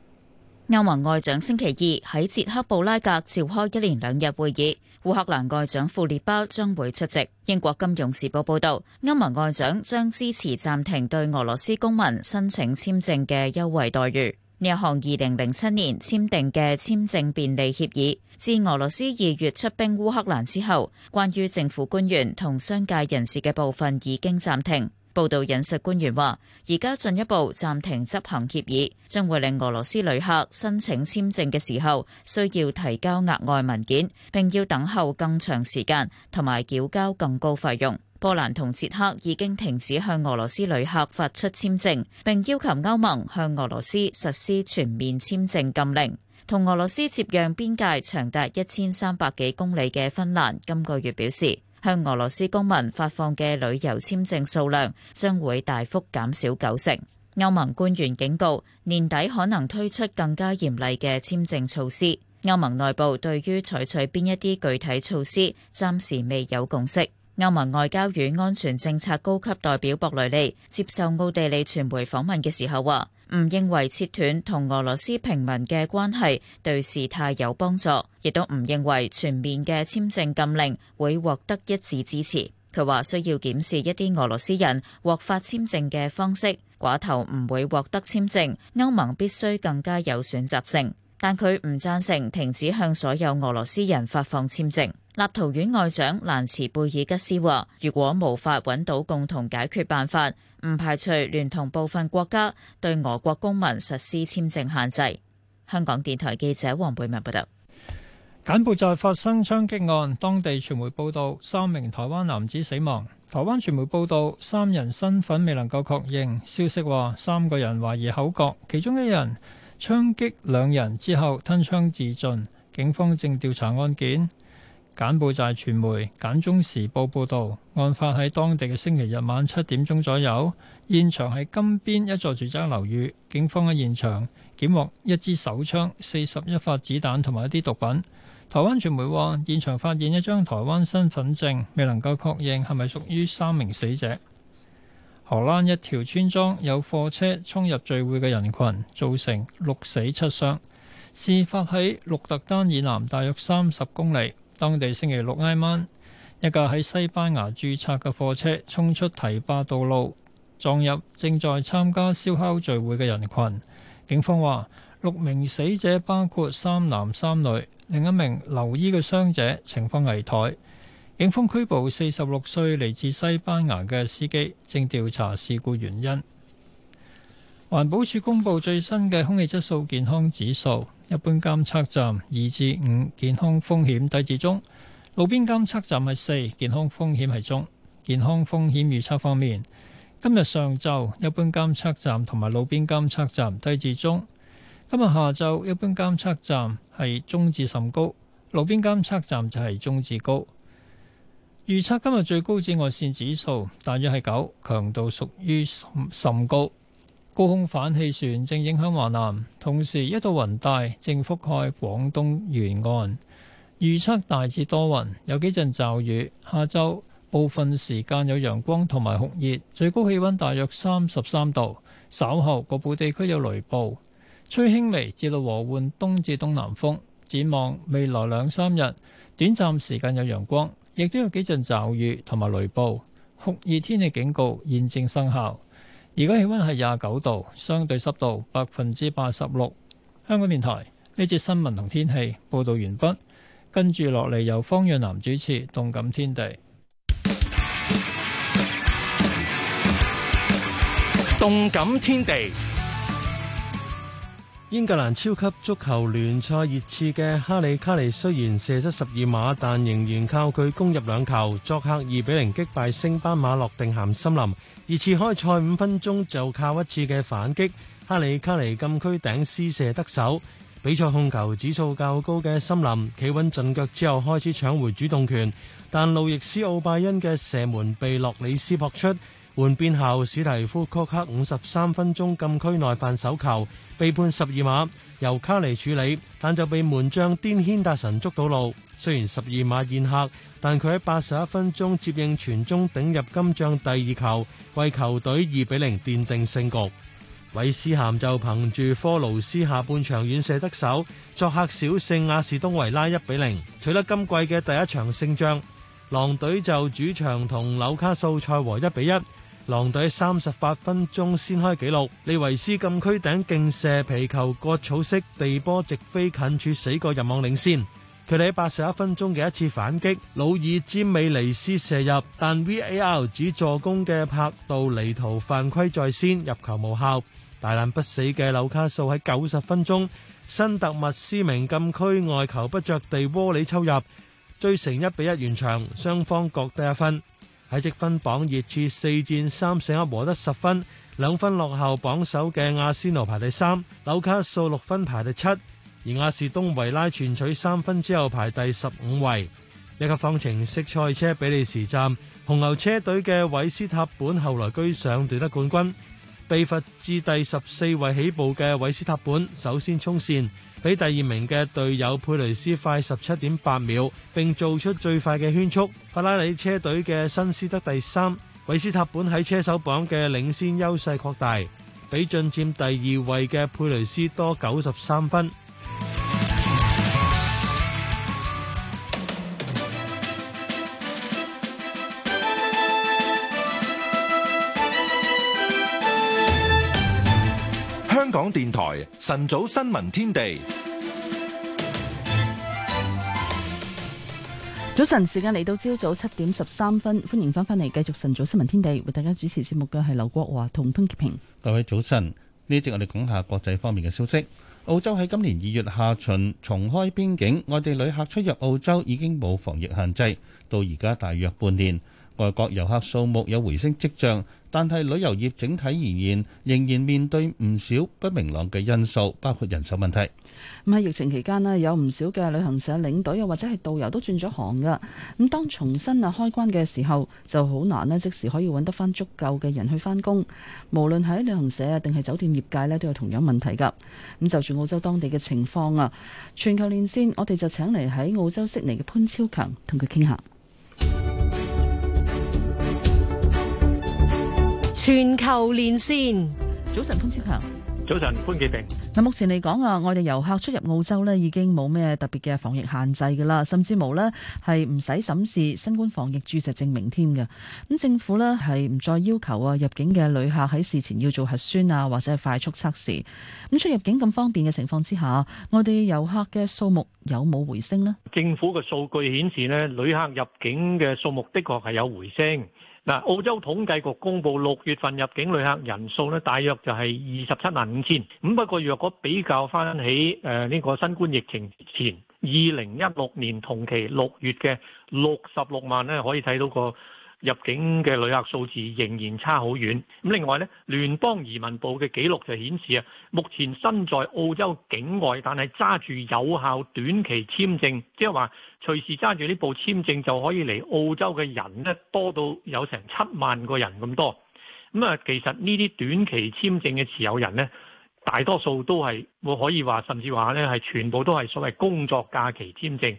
歐盟外長星期二喺捷克布拉格召開一連兩日會議。烏克蘭外長庫列巴將會出席。英國金融時報報道，歐盟外長將支持暫停對俄羅斯公民申請簽證嘅優惠待遇。呢一項二零零七年簽訂嘅簽證便利協議，自俄羅斯二月出兵烏克蘭之後，關於政府官員同商界人士嘅部分已經暫停。報道引述官員話：而家進一步暫停執行協議，將會令俄羅斯旅客申請簽證嘅時候，需要提交額外文件，並要等候更長時間，同埋繳交更高費用。波蘭同捷克已經停止向俄羅斯旅客發出簽證，並要求歐盟向俄羅斯實施全面簽證禁令，同俄羅斯接壤邊界長達一千三百幾公里嘅芬蘭，今、這個月表示，向俄羅斯公民發放嘅旅遊簽證數量將會大幅減少九成。歐盟官員警告，年底可能推出更加嚴厲嘅簽證措施。歐盟內部對於採取邊一啲具體措施，暫時未有共識。歐盟外交與安全政策高級代表博雷利接受奧地利傳媒訪問嘅時候話：唔認為切斷同俄羅斯平民嘅關係對事態有幫助，亦都唔認為全面嘅簽證禁令會獲得一致支持。佢話需要檢視一啲俄羅斯人獲發簽證嘅方式，寡頭唔會獲得簽證，歐盟必須更加有選擇性。但佢唔贊成停止向所有俄羅斯人發放簽證。立陶宛外長蘭茨貝爾吉斯話，如果無法揾到共同解決辦法，唔排除聯同部分國家對俄國公民實施簽證限制。香港電台記者黃貝文報道，柬埔寨發生槍擊案，當地傳媒報道三名台灣男子死亡。台灣傳媒報道三人身份未能夠確認，消息話三個人懷疑口角，其中一人槍擊兩人之後吞槍自盡，警方正調查案件。柬埔寨係傳媒《簡中時報》報導，案發喺當地嘅星期日晚七點鐘左右，現場喺金邊一座住宅樓宇，警方喺現場檢獲一支手槍、四十一發子彈同埋一啲毒品。台灣傳媒話，現場發現一張台灣身份證，未能夠確認係咪屬於三名死者。荷蘭一條村莊有貨車衝入聚會嘅人群，造成六死七傷。事發喺鹿特丹以南大約三十公里。當地星期六挨晚，一架喺西班牙註冊嘅貨車衝出堤壩道路，撞入正在參加燒烤聚會嘅人群。警方話六名死者包括三男三女，另一名留醫嘅傷者情況危殆。警方拘捕四十六歲嚟自西班牙嘅司機，正調查事故原因。環保署公佈最新嘅空氣質素健康指數。一般監測站二至五健康風險低至中，路邊監測站係四健康風險係中。健康風險預測方面，今日上晝一般監測站同埋路邊監測站低至中。今日下晝一般監測站係中至甚高，路邊監測站就係中至高。預測今日最高紫外線指數大約係九，強度屬於甚甚高。高空反氣旋正影響華南，同時一道雲帶正覆蓋廣東沿岸。預測大致多雲，有幾陣驟雨。下晝部分時間有陽光同埋酷熱，最高氣温大約三十三度。稍後局部地區有雷暴，吹輕微至到和緩東至東南風。展望未來兩三日，短暫時間有陽光，亦都有幾陣驟雨同埋雷暴。酷熱天氣警告現正生效。而家氣温係廿九度，相對濕度百分之八十六。香港電台呢節新聞同天氣報導完畢，跟住落嚟由方潤南主持《動感天地》。動感天地。英格蘭超級足球聯賽熱刺嘅哈里卡尼雖然射失十二碼，但仍然靠佢攻入兩球，作客二比零擊敗升班馬諾定咸森林。熱刺開賽五分鐘就靠一次嘅反擊，哈里卡尼禁區頂試射得手。比賽控球指數較高嘅森林企穩陣腳之後開始搶回主動權，但路易斯奧拜恩嘅射門被洛里斯撲出。換邊後史蒂，史提夫曲克五十三分鐘禁區內犯手球。被判十二碼由卡尼處理，但就被門將甸軒達臣捉到路。雖然十二碼宴客，但佢喺八十一分鐘接應傳中頂入金將第二球，為球隊二比零奠定勝局。韋斯咸就憑住科勞斯下半場遠射得手，作客小勝亞士東維拉一比零，0, 取得今季嘅第一場勝仗。狼隊就主場同紐卡素賽和一比一。1, 狼隊三十八分鐘先開紀錄，利維斯禁區頂勁射皮球割草式，地波直飛近處，死角入網領先。佢哋喺八十一分鐘嘅一次反擊，老爾詹美尼斯射入，但 VAR 主助攻嘅帕杜尼圖犯規在先，入球無效。大難不死嘅紐卡素喺九十分鐘，新特密斯明禁區外球不着地窩裏抽入，追成一比一完場，雙方各得一分。喺積分榜熱刺四戰三勝一和，獲得十分，兩分落後榜首嘅阿仙奴排第三，紐卡素六分排第七，而亞士東維拉全取三分之後排第十五位。一級方程式賽車比利時站，紅牛車隊嘅韋斯塔本後來居上奪得冠軍。被罰至第十四位起步嘅韋斯塔本首先衝線。比第二名嘅隊友佩雷斯快十七點八秒，並做出最快嘅圈速。法拉利車隊嘅新斯德第三，韋斯塔本喺車手榜嘅領先優勢擴大，比進佔第二位嘅佩雷斯多九十三分。電台晨早新聞天地，早晨時間嚟到，朝早七點十三分，歡迎翻返嚟繼續晨早新聞天地，為大家主持節目嘅係劉國華同潘潔平。各位早晨，呢節我哋講下國際方面嘅消息。澳洲喺今年二月下旬重開邊境，外地旅客出入澳洲已經冇防疫限制，到而家大約半年。外國遊客數目有回升跡象，但係旅遊業整體而言仍然面對唔少不明朗嘅因素，包括人手問題。咁喺疫情期間咧，有唔少嘅旅行社領隊又或者係導遊都轉咗行噶。咁當重新啊開關嘅時候，就好難咧即時可以揾得翻足夠嘅人去翻工。無論喺旅行社啊定係酒店業界咧，都有同樣問題噶。咁就住澳洲當地嘅情況啊，全球連線我哋就請嚟喺澳洲悉尼嘅潘超強同佢傾下。全球連線，早晨潘超強，早晨潘潔平。嗱，目前嚟講啊，我哋遊客出入澳洲咧已經冇咩特別嘅防疫限制噶啦，甚至冇咧係唔使審視新冠防疫注射證明添嘅。咁政府咧係唔再要求啊入境嘅旅客喺事前要做核酸啊或者係快速測試。咁出入境咁方便嘅情況之下，我哋遊客嘅數目有冇回升呢？政府嘅數據顯示呢，旅客入境嘅數目的確係有回升。嗱，澳洲統計局公布六月份入境旅客人數咧，大約就係二十七萬五千。咁不過若果比較翻起，誒，呃，呢個新冠疫情前二零一六年同期六月嘅六十六萬咧，可以睇到個入境嘅旅客數字仍然差好遠。咁另外咧，聯邦移民部嘅記錄就顯示啊，目前身在澳洲境外但係揸住有效短期簽證，即係話隨時揸住呢部簽證就可以嚟澳洲嘅人咧，多到有成七萬個人咁多。咁啊，其實呢啲短期簽證嘅持有人咧，大多數都係我可以話，甚至話咧係全部都係所謂工作假期簽證。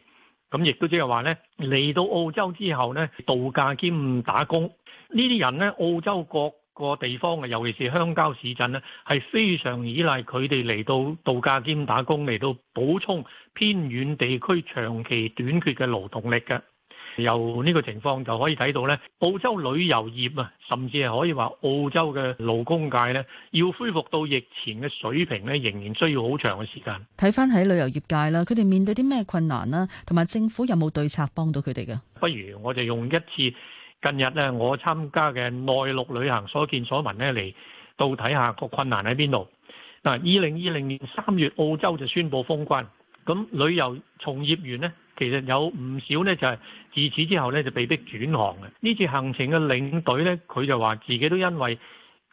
咁亦都即係話咧，嚟到澳洲之後咧，度假兼打工呢啲人咧，澳洲各個地方嘅，尤其是鄉郊市鎮咧，係非常依賴佢哋嚟到度假兼打工，嚟到補充偏遠地區長期短缺嘅勞動力嘅。由呢個情況就可以睇到咧，澳洲旅遊業啊，甚至係可以話澳洲嘅勞工界咧，要恢復到疫前嘅水平咧，仍然需要好長嘅時間。睇翻喺旅遊業界啦，佢哋面對啲咩困難啦，同埋政府有冇對策幫到佢哋㗎？不如我就用一次近日咧，我參加嘅內陸旅行所見所聞咧，嚟到睇下個困難喺邊度。嗱，二零二零年三月澳洲就宣布封關，咁旅遊從業員呢？其實有唔少呢，就係自此之後呢，就被逼轉行嘅。呢次行程嘅領隊呢，佢就話自己都因為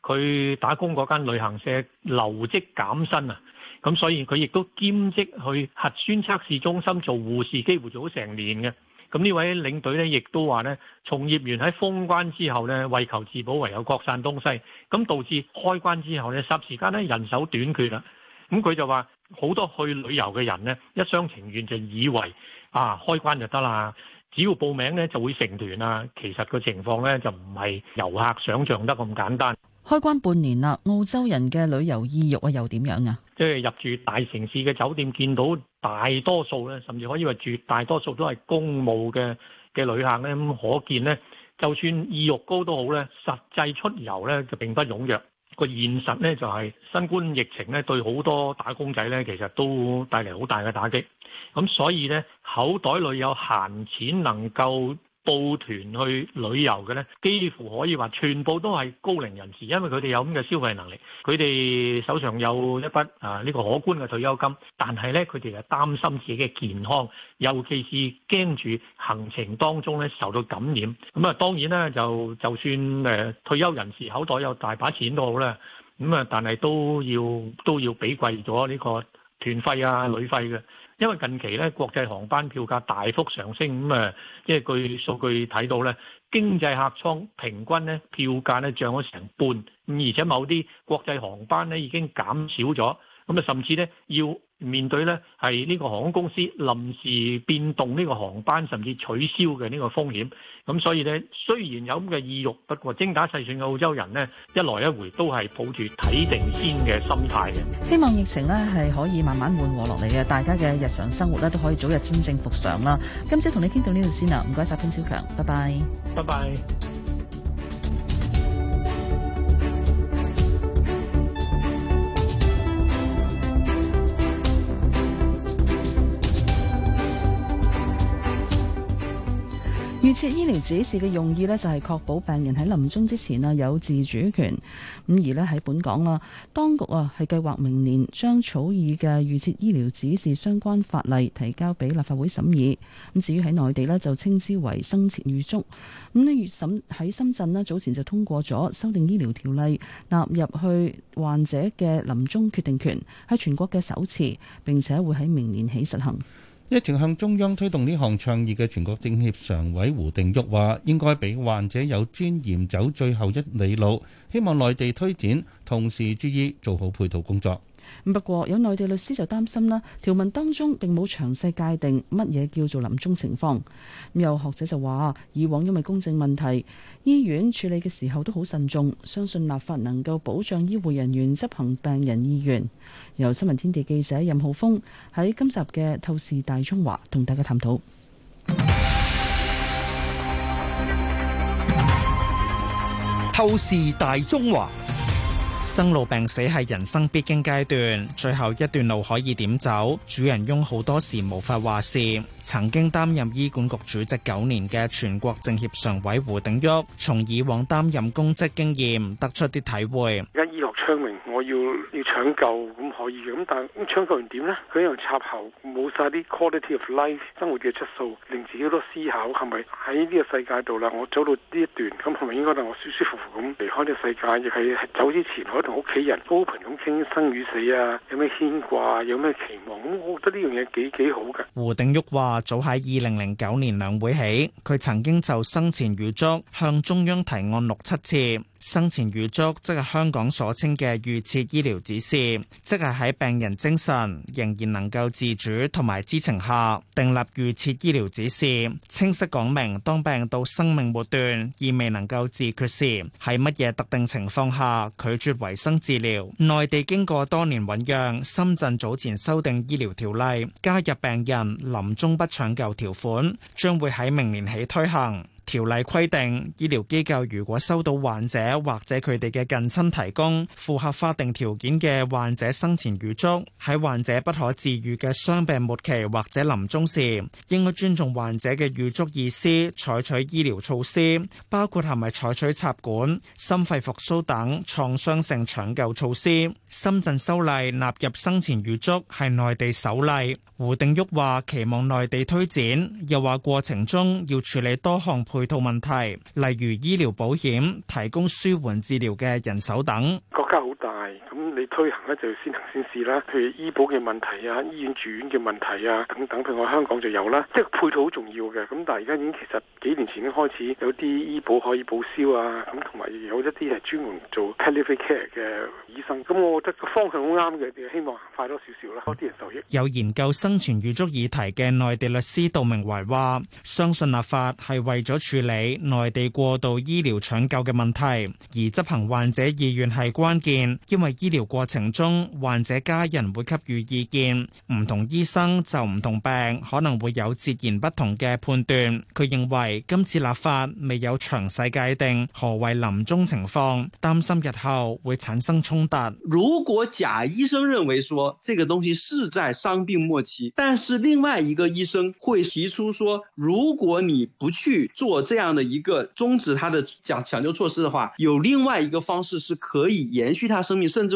佢打工嗰間旅行社留職減薪啊，咁所以佢亦都兼職去核酸測試中心做護士，幾乎做咗成年嘅。咁呢位領隊呢，亦都話呢，從業員喺封關之後呢，為求自保唯有各散東西，咁導致開關之後呢，霎時間呢，人手短缺啦。咁佢就話好多去旅遊嘅人呢，一廂情願就以為。啊，開關就得啦，只要報名咧就會成團啦。其實個情況咧就唔係遊客想像得咁簡單。開關半年啦，澳洲人嘅旅遊意欲啊又點樣啊？即係入住大城市嘅酒店，見到大多數咧，甚至可以話絕大多數都係公務嘅嘅旅客咧。咁可見咧，就算意欲高都好咧，實際出遊咧就並不踴躍。個現實咧就係新冠疫情咧對好多打工仔咧其實都帶嚟好大嘅打擊。咁所以咧，口袋裏有閒錢能夠報團去旅遊嘅咧，幾乎可以話全部都係高齡人士，因為佢哋有咁嘅消費能力，佢哋手上有一筆啊呢個可觀嘅退休金，但係咧佢哋係擔心自己嘅健康，尤其是驚住行程當中咧受到感染。咁啊，當然咧就就算誒退休人士口袋有大把錢都好咧，咁啊，但係都要都要俾貴咗呢個團費啊、旅費嘅。因為近期咧，國際航班票價大幅上升，咁啊，即係據數據睇到咧，經濟客艙平均咧票價咧漲咗成半，咁而且某啲國際航班咧已經減少咗，咁啊，甚至咧要，面對呢係呢個航空公司臨時變動呢個航班，甚至取消嘅呢個風險，咁所以呢，雖然有咁嘅意欲，不過精打細算嘅澳洲人呢，一來一回都係抱住睇定先嘅心態嘅。希望疫情呢係可以慢慢緩和落嚟嘅，大家嘅日常生活呢都可以早日真正復常啦。今朝同你傾到呢度先啦，唔該晒潘小強，拜拜，拜拜。預設醫療指示嘅用意呢，就係確保病人喺臨終之前啊有自主權。咁而咧喺本港啦，當局啊係計劃明年將草擬嘅預設醫療指示相關法例提交俾立法會審議。咁至於喺內地呢，就稱之為生前預囑。咁咧，越審喺深圳咧，早前就通過咗修訂醫療條例，納入去患者嘅臨終決定權，喺全國嘅首次，並且會喺明年起實行。一直向中央推動呢項倡議嘅全國政協常委胡定旭話，應該俾患者有尊嚴走最後一里路，希望內地推展，同時注意做好配套工作。不過有內地律師就擔心啦，條文當中並冇詳細界定乜嘢叫做臨終情況。有學者就話，以往因為公正問題，醫院處理嘅時候都好慎重，相信立法能夠保障醫護人員執行病人意願。由新聞天地記者任浩峰喺今集嘅透視大中華同大家探討。透視大中華。生老病死係人生必經階段，最後一段路可以點走？主人翁好多時無法話事。曾經擔任醫管局主席九年嘅全國政協常委胡定旭，從以往擔任公職經驗得出啲體會：而家醫學昌明，我要要搶救咁可以嘅，咁但係咁搶救完點呢？佢用插喉，冇晒啲 quality of life 生活嘅質素，令自己都思考係咪喺呢個世界度啦？我走到呢一段，咁係咪應該等我舒舒服服咁離開呢個世界？亦係走之前。同屋企人高頻咁傾生與死啊，有咩牽掛，有咩期望，咁我覺得呢樣嘢幾幾好噶。胡定旭話：早喺二零零九年兩會起，佢曾經就生前預囑向中央提案六七次。生前預囑即係香港所稱嘅預設醫療指示，即係喺病人精神仍然能夠自主同埋知情下，訂立預設醫療指示，清晰講明當病到生命末段而未能夠自決時，喺乜嘢特定情況下拒絕。衛生治療，內地經過多年醞釀，深圳早前修訂醫療條例，加入病人臨終不搶救條款，將會喺明年起推行。條例規定，醫療機構如果收到患者或者佢哋嘅近親提供符合法定條件嘅患者生前預囑，喺患者不可治愈嘅傷病末期或者臨終時，應該尊重患者嘅預囑意思，採取醫療措施，包括係咪採取插管、心肺復甦等創傷性搶救措施。深圳修例納入生前預囑係內地首例，胡定旭話期望內地推展，又話過程中要處理多項配套問題，例如醫療保險、提供舒緩治療嘅人手等，國家好大。咁你推行咧就先行先試啦，譬如醫保嘅問題啊、醫院住院嘅問題啊等等，譬如我香港就有啦，即係配套好重要嘅。咁但係而家已經其實幾年前已經開始有啲醫保可以報銷啊，咁同埋有一啲係專門做 palliative care 嘅醫生。咁我覺得個方向好啱嘅，希望快多少少啦，多啲人受益。有研究生前預囑議題嘅內地律師杜明懷話，相信立法係為咗處理內地過度醫療搶救嘅問題，而執行患者意願係關鍵，因為醫。因為醫醫療過程中，患者家人會給予意見，唔同醫生就唔同病，可能會有截然不同嘅判斷。佢認為今次立法未有詳細界定何為臨終情況，擔心日後會產生衝突。如果甲醫生認為說，這個東西是在傷病末期，但是另外一個醫生會提出說，如果你不去做這樣的一個終止他的搶搶救措施的話，有另外一個方式是可以延續他生命，甚至。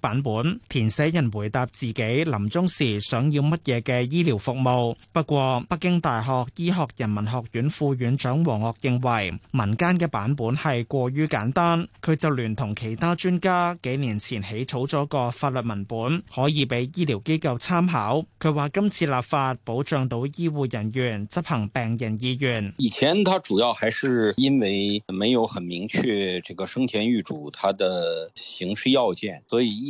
版本填寫人回答自己臨終時想要乜嘢嘅醫療服務。不過，北京大學醫學人文學院副院長王岳認為民間嘅版本係過於簡單，佢就聯同其他專家幾年前起草咗個法律文本，可以俾醫療機構參考。佢話今次立法保障到醫護人員執行病人意願，以前，他主要還是因為沒有很明確這個生前預囑，它的形式要件，所以。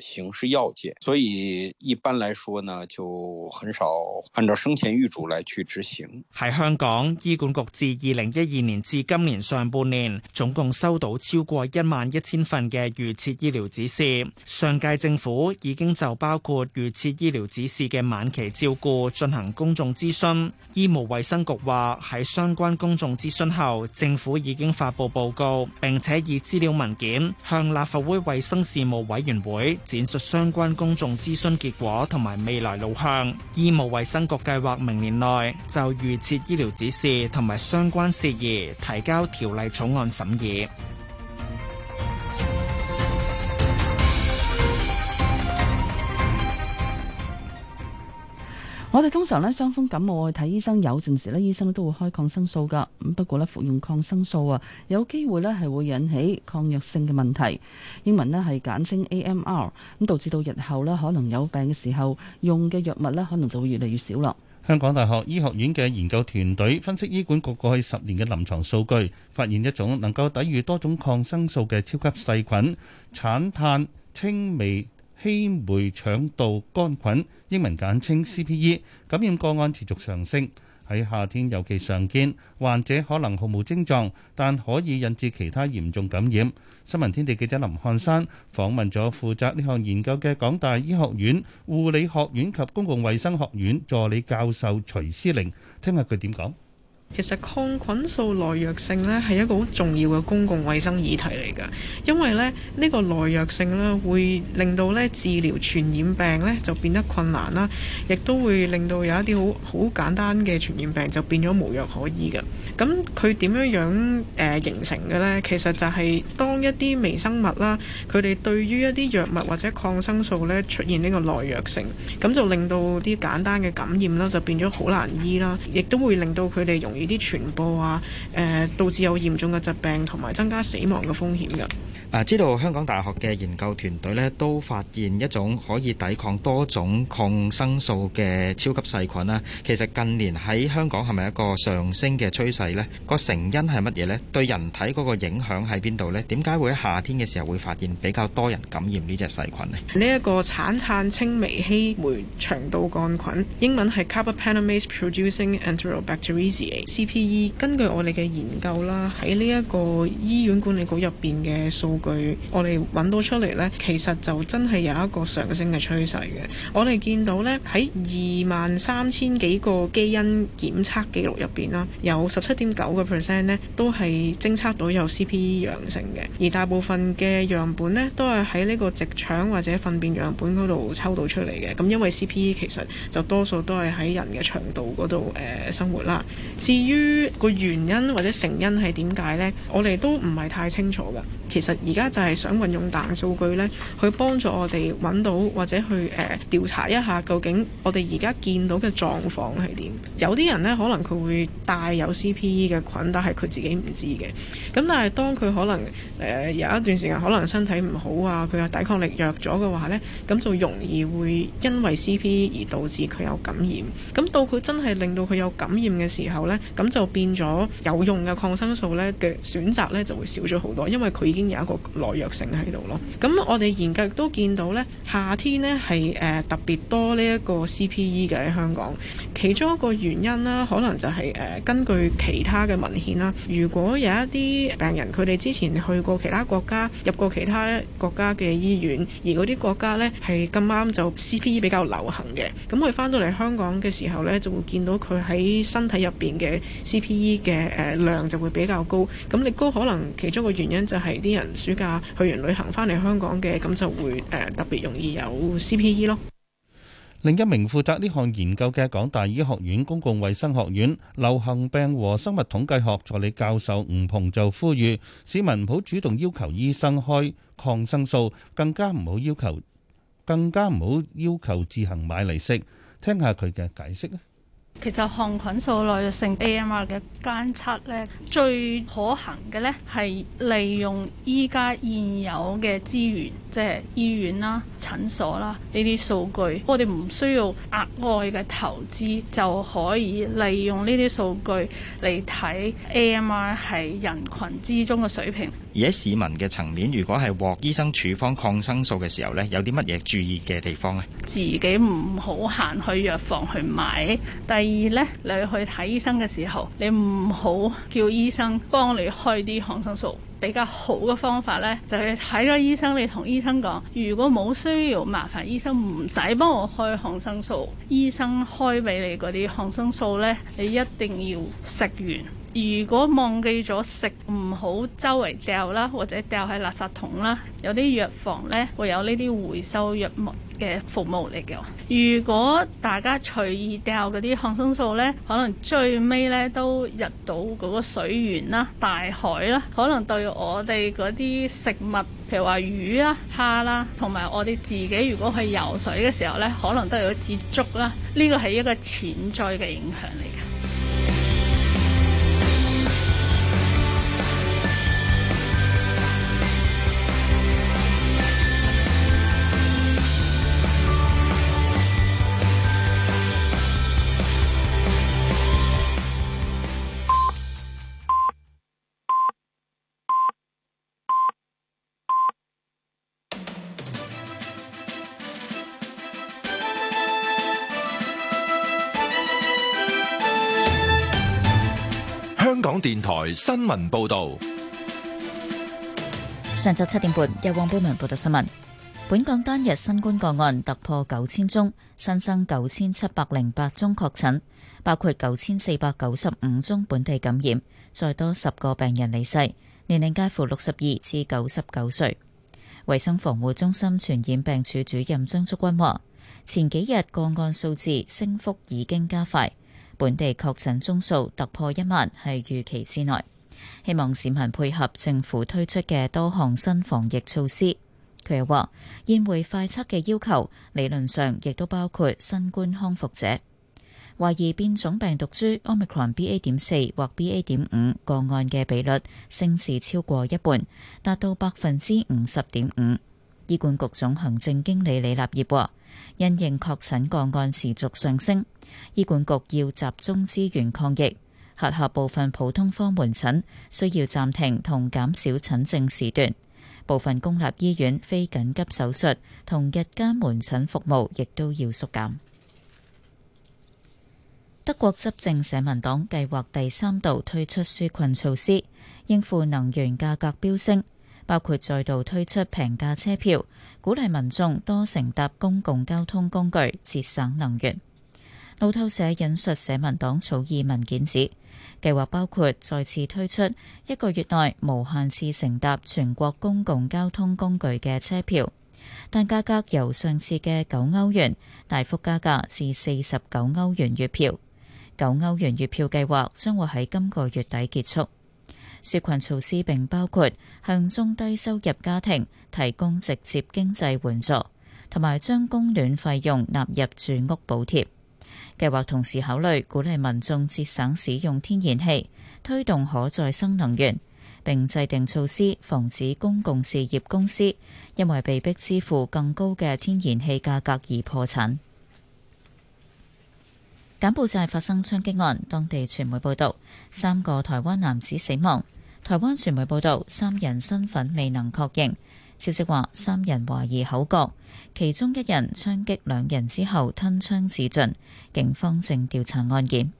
形式要件，所以一般來說呢，就很少按照生前預囑來去執行。喺香港醫管局自二零一二年至今年上半年，總共收到超過一萬一千份嘅預設醫療指示。上屆政府已經就包括預設醫療指示嘅晚期照顧進行公眾諮詢。醫務衛生局話喺相關公眾諮詢後，政府已經發佈報告，並且以資料文件向立法會衛生事務委員會。展述相關公眾諮詢結果同埋未來路向，醫務衛生局計劃明年內就預設醫療指示同埋相關事宜提交條例草案審議。我哋通常呢傷風感冒去睇醫生，有陣時呢醫生都會開抗生素噶。咁不過呢，服用抗生素啊，有機會呢係會引起抗藥性嘅問題，英文呢係簡稱 AMR，咁導致到日後呢可能有病嘅時候用嘅藥物呢可能就會越嚟越少咯。香港大學醫學院嘅研究團隊分析醫管局過去十年嘅臨床數據，發現一種能夠抵御多種抗生素嘅超級細菌，產碳青霉。希酶腸道桿菌（英文簡稱 CPE） 感染個案持續上升，喺夏天尤其常見。患者可能毫無症狀，但可以引致其他嚴重感染。新聞天地記者林漢山訪問咗負責呢項研究嘅港大醫學院護理學院及公共衛生學院助理教授徐思玲，聽下佢點講。其實抗菌素耐藥性咧係一個好重要嘅公共衛生議題嚟噶因為咧呢個耐藥性咧會令到咧治療傳染病咧就變得困難啦，亦都會令到有一啲好好簡單嘅傳染病就變咗無藥可醫嘅。咁佢點樣樣誒形成嘅呢？其實就係當一啲微生物啦，佢哋對於一啲藥物或者抗生素咧出現呢個耐藥性，咁就令到啲簡單嘅感染啦就變咗好難醫啦，亦都會令到佢哋容。呢啲傳播啊，誒、呃，導致有嚴重嘅疾病同埋增加死亡嘅風險噶。誒、啊、知道香港大學嘅研究團隊咧，都發現一種可以抵抗多種抗生素嘅超級細菌啦、啊。其實近年喺香港係咪一個上升嘅趨勢呢？個成因係乜嘢呢？對人體嗰個影響喺邊度呢？點解會喺夏天嘅時候會發現比較多人感染呢隻細菌呢？呢一個產碳青微烯酶腸道桿菌，英文係 c a r b a p e n a m a s e p r o d u c i n g e n t e r o b a c t e r i a c e a c p e 根據我哋嘅研究啦，喺呢一個醫院管理局入邊嘅數。據我哋揾到出嚟呢，其實就真係有一個上升嘅趨勢嘅。我哋見到呢，喺二萬三千幾個基因檢測記錄入邊啦，有十七點九個 percent 呢都係偵測到有 CPE 陽性嘅，而大部分嘅樣本呢，都係喺呢個直腸或者糞便樣本嗰度抽到出嚟嘅。咁因為 CPE 其實就多數都係喺人嘅腸道嗰度誒、呃、生活啦。至於個原因或者成因係點解呢，我哋都唔係太清楚㗎。其實。而家就係想運用大數據呢去幫助我哋揾到或者去誒、呃、調查一下，究竟我哋而家見到嘅狀況係點？有啲人呢，可能佢會帶有 CPE 嘅菌，但係佢自己唔知嘅。咁但係當佢可能誒、呃、有一段時間可能身體唔好啊，佢有抵抗力弱咗嘅話呢，咁就容易會因為 CPE 而導致佢有感染。咁到佢真係令到佢有感染嘅時候呢，咁就變咗有用嘅抗生素呢嘅選擇呢就會少咗好多，因為佢已經有一個。耐藥性喺度咯，咁我哋研究亦都見到呢，夏天呢係誒、呃、特別多呢一個 CPE 嘅喺香港，其中一個原因啦，可能就係、是、誒、呃、根據其他嘅文獻啦，如果有一啲病人佢哋之前去過其他國家，入過其他國家嘅醫院，而嗰啲國家呢係咁啱就 CPE 比較流行嘅，咁佢翻到嚟香港嘅時候呢，就會見到佢喺身體入邊嘅 CPE 嘅誒量就會比較高，咁力哥可能其中一個原因就係啲人。暑假去完旅行翻嚟香港嘅，咁就會誒特別容易有 CPE 咯。另一名負責呢項研究嘅港大醫學院公共衛生學院流行病和生物統計學助理教授吳鵬就呼籲市民唔好主動要求醫生開抗生素，更加唔好要，要求，更加唔好要，要求自行買嚟食。聽下佢嘅解釋。其實抗菌素耐藥性 AMR 嘅監測咧，最可行嘅咧係利用依家現有嘅資源，即係醫院啦、診所啦呢啲數據，我哋唔需要額外嘅投資就可以利用呢啲數據嚟睇 AMR 喺人群之中嘅水平。而喺市民嘅層面，如果係獲醫生處方抗生素嘅時候呢，有啲乜嘢注意嘅地方呢？自己唔好行去藥房去買。第二呢，你去睇醫生嘅時候，你唔好叫醫生幫你開啲抗生素。比較好嘅方法呢，就係睇咗醫生，你同醫生講，如果冇需要，麻煩醫生唔使幫我開抗生素。醫生開俾你嗰啲抗生素呢，你一定要食完。如果忘記咗食，唔好周圍掉啦，或者掉喺垃圾桶啦。有啲藥房呢會有呢啲回收藥物嘅服務嚟嘅。如果大家隨意掉嗰啲抗生素呢，可能最尾呢都入到嗰個水源啦、大海啦，可能對我哋嗰啲食物，譬如話魚啦、蝦啦，同埋我哋自己如果去游水嘅時候呢，可能都有接觸啦。呢個係一個潛在嘅影響嚟。電台新聞報道：上晝七點半，有汪寶明報道新聞。本港單日新冠個案突破九千宗，新增九千七百零八宗確診，包括九千四百九十五宗本地感染，再多十個病人離世，年齡介乎六十二至九十九歲。衛生防護中心傳染病處主任張竹君話：前幾日個案數字升幅已經加快。本地確診宗數突破一萬係預期之內，希望市民配合政府推出嘅多項新防疫措施。佢又話：宴會快測嘅要求理論上亦都包括新冠康復者。懷疑變種病毒株 Omicron B A. 點四或 B A. 點五個案嘅比率升至超過一半，達到百分之五十點五。醫管局總行政經理李立業話：因應確診個案持續上升。醫管局要集中資源抗疫，轄下部分普通科門診需要暫停同減少診症時段，部分公立醫院非緊急手術同日間門診服務亦都要縮減。德國執政社民黨計劃第三度推出紓困措施，應付能源價格飆升，包括再度推出平價車票，鼓勵民眾多乘搭公共交通工具，節省能源。路透社引述社民黨草擬文件指，計劃包括再次推出一個月內無限次乘搭全國公共交通工具嘅車票，但價格由上次嘅九歐元大幅加價至四十九歐元月票。九歐元月票計劃將會喺今個月底結束。紓困措施並包括向中低收入家庭提供直接經濟援助，同埋將供暖費用納入住屋補貼。計劃同時考慮鼓勵民眾節省使用天然氣，推動可再生能源，並制定措施防止公共事業公司因為被迫支付更高嘅天然氣價格而破產。柬埔寨發生槍擊案，當地傳媒報導三個台灣男子死亡。台灣傳媒報導三人身份未能確認。消息話，三人懷疑口角，其中一人槍擊兩人之後吞槍自盡。警方正調查案件。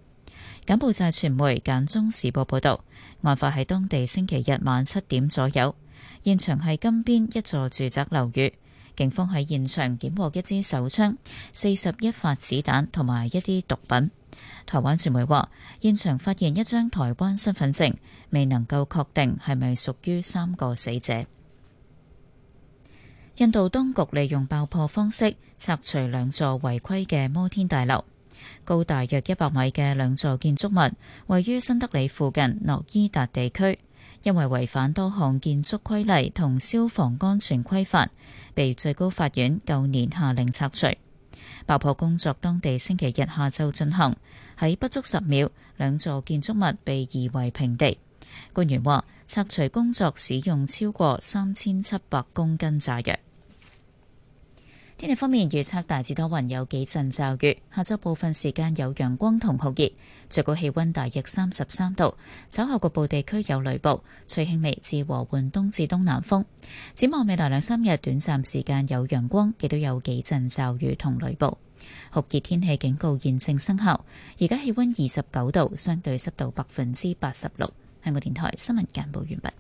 柬埔寨傳媒《柬中時報》報道，案發喺當地星期日晚七點左右，現場係金邊一座住宅樓宇。警方喺現場檢獲一支手槍、四十一發子彈同埋一啲毒品。台灣傳媒話，現場發現一張台灣身份證，未能夠確定係咪屬於三個死者。印度當局利用爆破方式拆除兩座違規嘅摩天大樓，高大約一百米嘅兩座建築物，位於新德里附近諾伊達地區，因為違反多項建築規例同消防安全規範，被最高法院舊年下令拆除。爆破工作當地星期日下晝進行，喺不足十秒，兩座建築物被夷為平地。官員話，拆除工作使用超過三千七百公斤炸藥。天氣方面預測大致多雲，有幾陣驟雨。下晝部分時間有陽光同酷熱，最高氣溫大約三十三度。稍後局部地區有雷暴，吹輕微至和緩東至東南風。展望未來兩三日，短暫時間有陽光，亦都有幾陣驟雨同雷暴。酷熱天氣警告現正生效。而家氣溫二十九度，相對濕度百分之八十六。香港電台新聞簡報完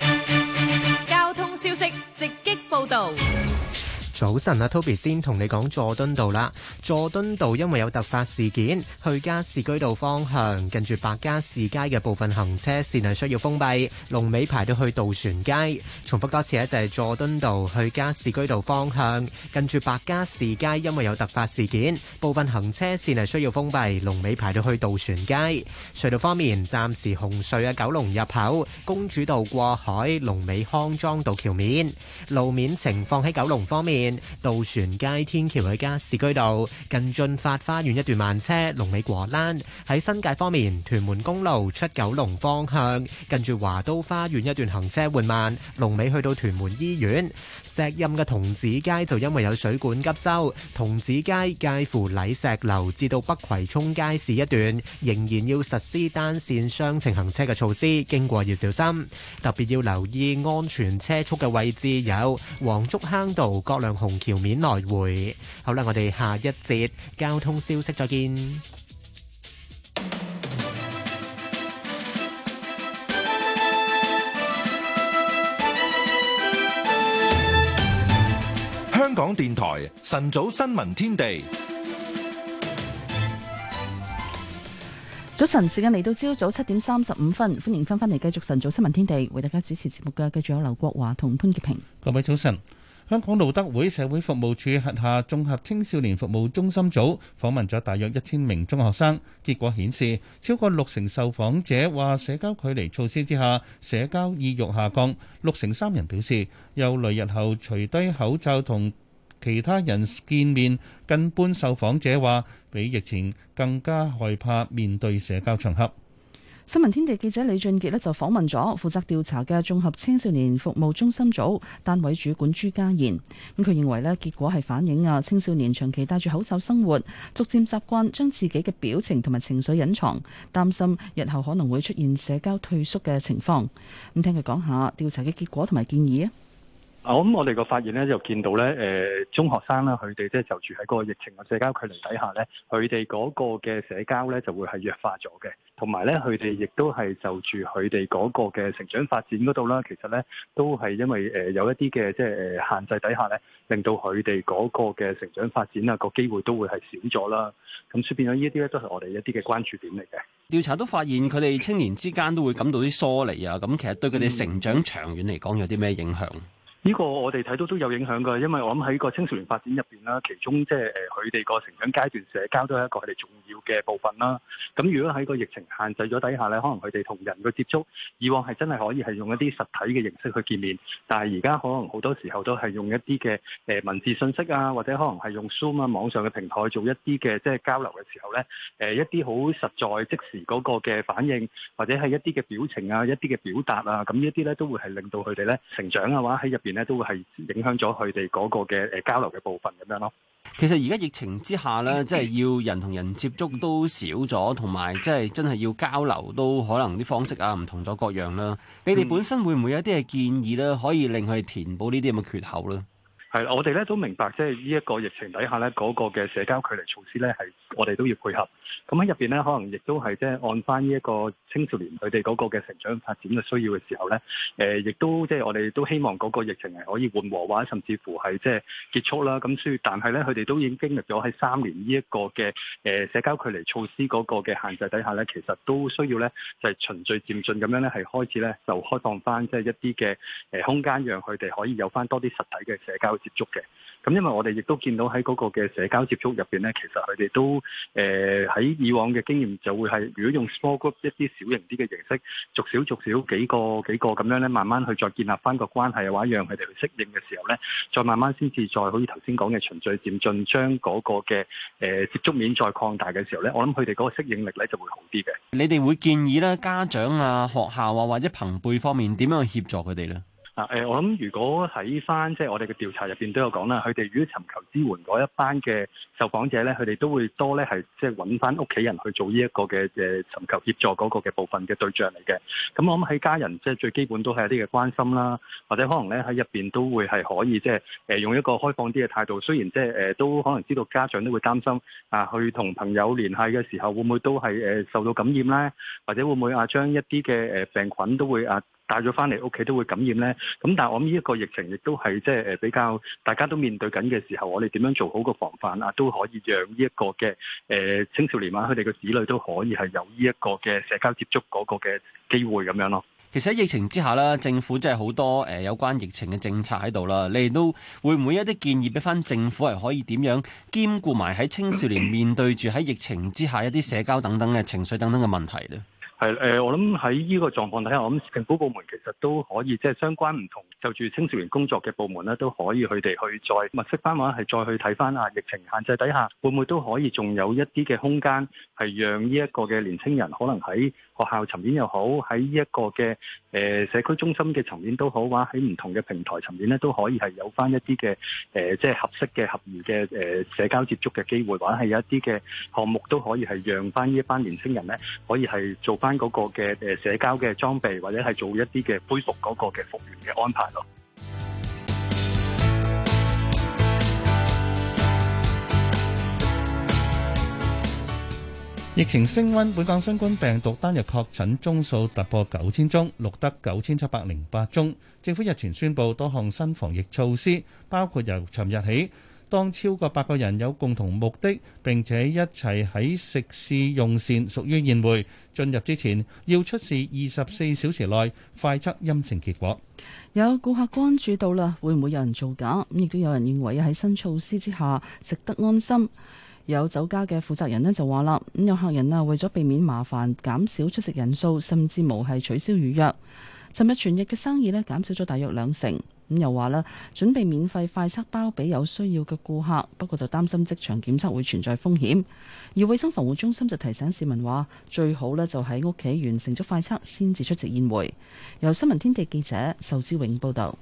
畢。交通消息直擊報道。早晨啊，Toby 先同你講佐敦道啦。佐敦道因為有突發事件，去加士居道方向近住白加士街嘅部分行車線係需要封閉，龍尾排到去渡船街。重複多次咧，就係佐敦道去加士居道方向近住白加士街，因為有突發事件，部分行車線係需要封閉，龍尾排到去渡船街。隧道方面，暫時紅隧嘅九龍入口、公主道過海、龍尾康莊道橋面路面情況喺九龍方面。渡船街天橋去加士居道，近駿發花園一段慢車；龍尾過欄喺新界方面，屯門公路出九龍方向，近住華都花園一段行車緩慢；龍尾去到屯門醫院，石蔭嘅童子街就因為有水管急修，童子街介乎禮石樓至到北葵涌街市一段，仍然要實施單線雙程行車嘅措施，經過要小心，特別要留意安全車速嘅位置，有黃竹坑道、各兩。紅橋面來回。好啦，我哋下一節交通消息再見。香港電台晨早新聞天地，早晨時間嚟到朝早七點三十五分，歡迎翻返嚟繼續晨早新聞天地，為大家主持節目嘅繼續有劉國華同潘潔平，各位早晨。香港路德會社會服務處轄下綜合青少年服務中心組訪問咗大約一千名中學生，結果顯示超過六成受訪者話社交距離措施之下社交意欲下降，六成三人表示又來日後除低口罩同其他人見面。近半受訪者話比疫情更加害怕面對社交場合。新聞天地記者李俊傑呢就訪問咗負責調查嘅綜合青少年服務中心組單位主管朱家賢。咁佢認為呢，結果係反映啊，青少年長期戴住口罩生活，逐漸習慣將自己嘅表情同埋情緒隱藏，擔心日後可能會出現社交退縮嘅情況。咁聽佢講下調查嘅結果同埋建議啊。啊，咁我哋個發現咧，就見到咧，誒、呃，中學生啦，佢哋即係就住喺個疫情嘅社交距離底下咧，佢哋嗰個嘅社交咧就會係弱化咗嘅。同埋咧，佢哋亦都係就住佢哋嗰個嘅成長發展嗰度啦。其實咧都係因為誒有一啲嘅即係誒限制底下咧，令到佢哋嗰個嘅成長發展啊個機會都會係少咗啦。咁所以變咗呢一啲咧，都係我哋一啲嘅關注點嚟嘅。調查都發現佢哋青年之間都會感到啲疏離啊。咁其實對佢哋成長長遠嚟講有啲咩影響？嗯呢個我哋睇到都有影響㗎，因為我諗喺個青少年發展入邊啦，其中即係誒佢哋個成長階段社交都係一個佢哋重要嘅部分啦。咁如果喺個疫情限制咗底下呢，可能佢哋同人嘅接觸以往係真係可以係用一啲實體嘅形式去見面，但係而家可能好多時候都係用一啲嘅誒文字信息啊，或者可能係用 Zoom 啊、網上嘅平台做一啲嘅即係交流嘅時候呢，誒一啲好實在即時嗰個嘅反應，或者係一啲嘅表情啊、一啲嘅表達啊，咁呢啲呢，都會係令到佢哋呢成長嘅話喺入邊。咧都係影響咗佢哋嗰個嘅誒交流嘅部分咁樣咯。其實而家疫情之下咧，即係 要人同人接觸都少咗，同埋即係真係要交流都可能啲方式啊唔同咗各樣啦。 你哋本身會唔會有一啲嘅建議咧，可以令佢哋填補呢啲咁嘅缺口咧？係啦，我哋咧都明白，即係呢一個疫情底下咧，嗰個嘅社交距離措施咧係我哋都要配合。咁喺入邊咧，可能亦都係即係按翻呢一個青少年佢哋嗰個嘅成長發展嘅需要嘅時候咧，誒，亦都即係我哋都希望嗰個疫情係可以緩和或者甚至乎係即係結束啦。咁所以，但係咧佢哋都已經經歷咗喺三年呢一個嘅誒社交距離措施嗰個嘅限制底下咧，其實都需要咧就係循序漸進咁樣咧係開始咧就開放翻即係一啲嘅誒空間，讓佢哋可以有翻多啲實體嘅社交。接觸嘅，咁因為我哋亦都見到喺嗰個嘅社交接觸入邊咧，其實佢哋都誒喺、呃、以往嘅經驗就會係，如果用 small group 一啲小型啲嘅形式，逐少逐少幾個幾個咁樣咧，慢慢去再建立翻個關係嘅話，讓佢哋去適應嘅時候咧，再慢慢先至再可以頭先講嘅循序漸進，將嗰個嘅誒、呃、接觸面再擴大嘅時候咧，我諗佢哋嗰個適應力咧就會好啲嘅。你哋會建議咧家長啊、學校啊或者朋輩方面點樣去協助佢哋咧？誒、呃，我諗如果喺翻即係我哋嘅調查入邊都有講啦，佢哋如果尋求支援嗰一班嘅受訪者咧，佢哋都會多咧係即係揾翻屋企人去做呢一個嘅誒尋求協助嗰個嘅部分嘅對象嚟嘅。咁、嗯、我諗喺家人即係最基本都係一啲嘅關心啦，或者可能咧喺入邊都會係可以即係誒用一個開放啲嘅態度，雖然即係誒、呃、都可能知道家長都會擔心啊，去同朋友聯繫嘅時候會唔會都係誒、啊、受到感染咧，或者會唔會啊將一啲嘅誒病菌都會啊～帶咗翻嚟屋企都會感染咧，咁但係我諗呢一個疫情亦都係即係誒比較大家都面對緊嘅時候，我哋點樣做好個防範啊，都可以讓呢一個嘅誒青少年啊，佢哋嘅子女都可以係有呢一個嘅社交接觸嗰個嘅機會咁樣咯。其實喺疫情之下啦，政府即係好多誒有關疫情嘅政策喺度啦。你哋都會唔會一啲建議俾翻政府係可以點樣兼顧埋喺青少年面對住喺疫情之下一啲社交等等嘅情緒等等嘅問題咧？係誒，我諗喺呢個狀況底下，我諗政府部門其實都可以，即係相關唔同就住青少年工作嘅部門咧，都可以佢哋去再物色翻話係再去睇翻啊，疫情限制底下會唔會都可以仲有一啲嘅空間，係讓呢一個嘅年青人可能喺學校層面又好，喺呢一個嘅誒社區中心嘅層面都好，話喺唔同嘅平台層面咧都可以係有翻一啲嘅誒，即係合適嘅合宜嘅誒、呃、社交接觸嘅機會，或者係有一啲嘅項目都可以係讓翻呢一班年青人咧可以係做翻。嗰個嘅誒社交嘅裝備，或者係做一啲嘅恢復嗰個嘅復原嘅安排咯。疫情升溫，本港新冠病毒單日確診宗數突破九千宗，錄得九千七百零八宗。政府日前宣布多項新防疫措施，包括由尋日起。當超過八個人有共同目的，並且一齊喺食肆用膳，屬於宴會。進入之前要出示二十四小時內快測陰性結果。有顧客關注到啦，會唔會有人造假？咁亦都有人認為喺新措施之下，食得安心。有酒家嘅負責人呢就話啦，咁有客人啊為咗避免麻煩，減少出席人數，甚至無係取消預約。尋日全日嘅生意呢減少咗大約兩成。咁又話啦，準備免費快測包俾有需要嘅顧客，不過就擔心即場檢測會存在風險。而衛生防護中心就提醒市民話，最好呢就喺屋企完成咗快測，先至出席宴會。由新聞天地記者壽思永報道。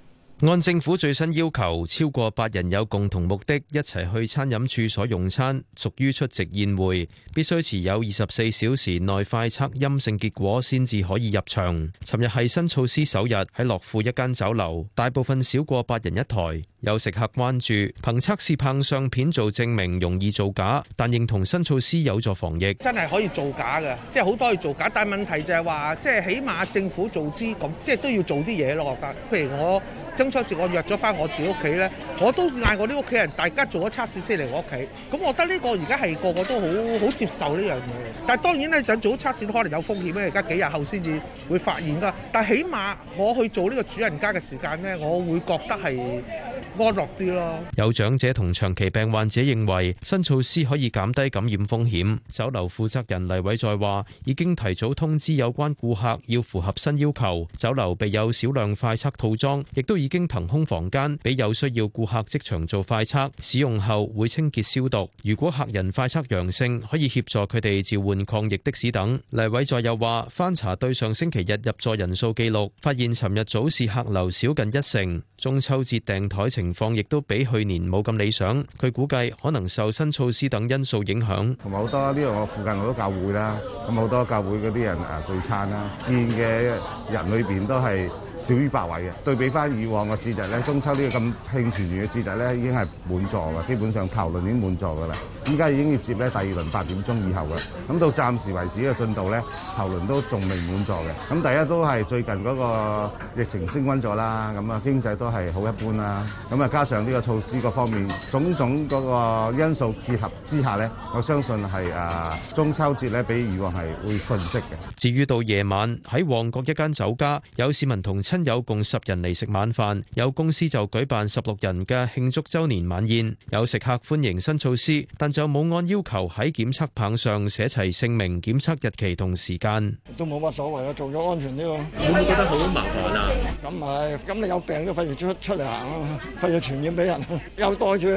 按政府最新要求，超過八人有共同目的一齊去餐飲處所用餐，屬於出席宴會，必須持有二十四小時內快測陰性結果先至可以入場。尋日係新措施首日，喺樂富一間酒樓，大部分少過八人一台。有食客關注，憑測試棒相片做證明容易造假，但認同新措施有助防疫。真係可以造假㗎，即係好多嘢造假。但問題就係話，即係起碼政府做啲咁，即係都要做啲嘢咯。我覺得譬如我中秋節我約咗翻我自己屋企咧，我都嗌我啲屋企人，大家做咗測試先嚟我屋企。咁我覺得呢個而家係個個都好好接受呢樣嘢。但當然咧，就做咗測試都可能有風險啊。而家幾日後先至會發現㗎。但起碼我去做呢個主人家嘅時間咧，我會覺得係。安樂啲咯。有長者同長期病患者認為新措施可以減低感染風險。酒樓負責人黎偉在話：已經提早通知有關顧客要符合新要求。酒樓備有少量快測套裝，亦都已經騰空房間俾有需要顧客即場做快測，使用後會清潔消毒。如果客人快測陽性，可以協助佢哋召喚抗疫的士等。黎偉在又話：翻查對上星期日入座人數記錄，發現尋日早市客流少近一成。中秋節訂枱。情況亦都比去年冇咁理想，佢估計可能受新措施等因素影響，同埋好多呢度我附近好多教會啦，咁好多教會嗰啲人啊聚餐啦，見嘅人裏邊都係。少於八位嘅，對比翻以往嘅節日咧，中秋呢個咁慶團圓嘅節日咧，已經係滿座啦，基本上頭輪已經滿座㗎啦。依家已經要接咧第二輪八點鐘以後㗎啦，咁到暫時為止嘅進度咧，頭輪都仲未滿座嘅。咁大家都係最近嗰個疫情升溫咗啦，咁啊經濟都係好一般啦，咁啊加上呢個措施各方面種種嗰個因素結合之下咧，我相信係啊中秋節咧比以往係會遜色嘅。至於到夜晚喺旺角一間酒家，有市民同，親友共十人嚟食晚飯，有公司就舉辦十六人嘅慶祝周年晚宴。有食客歡迎新措施，但就冇按要求喺檢測棒上寫齊姓名、檢測日期同時間。都冇乜所謂啦，做咗安全啲。會唔會覺得好麻煩啊？咁咪咁你有病都費事出出嚟行啦，費事傳染俾人。又袋住，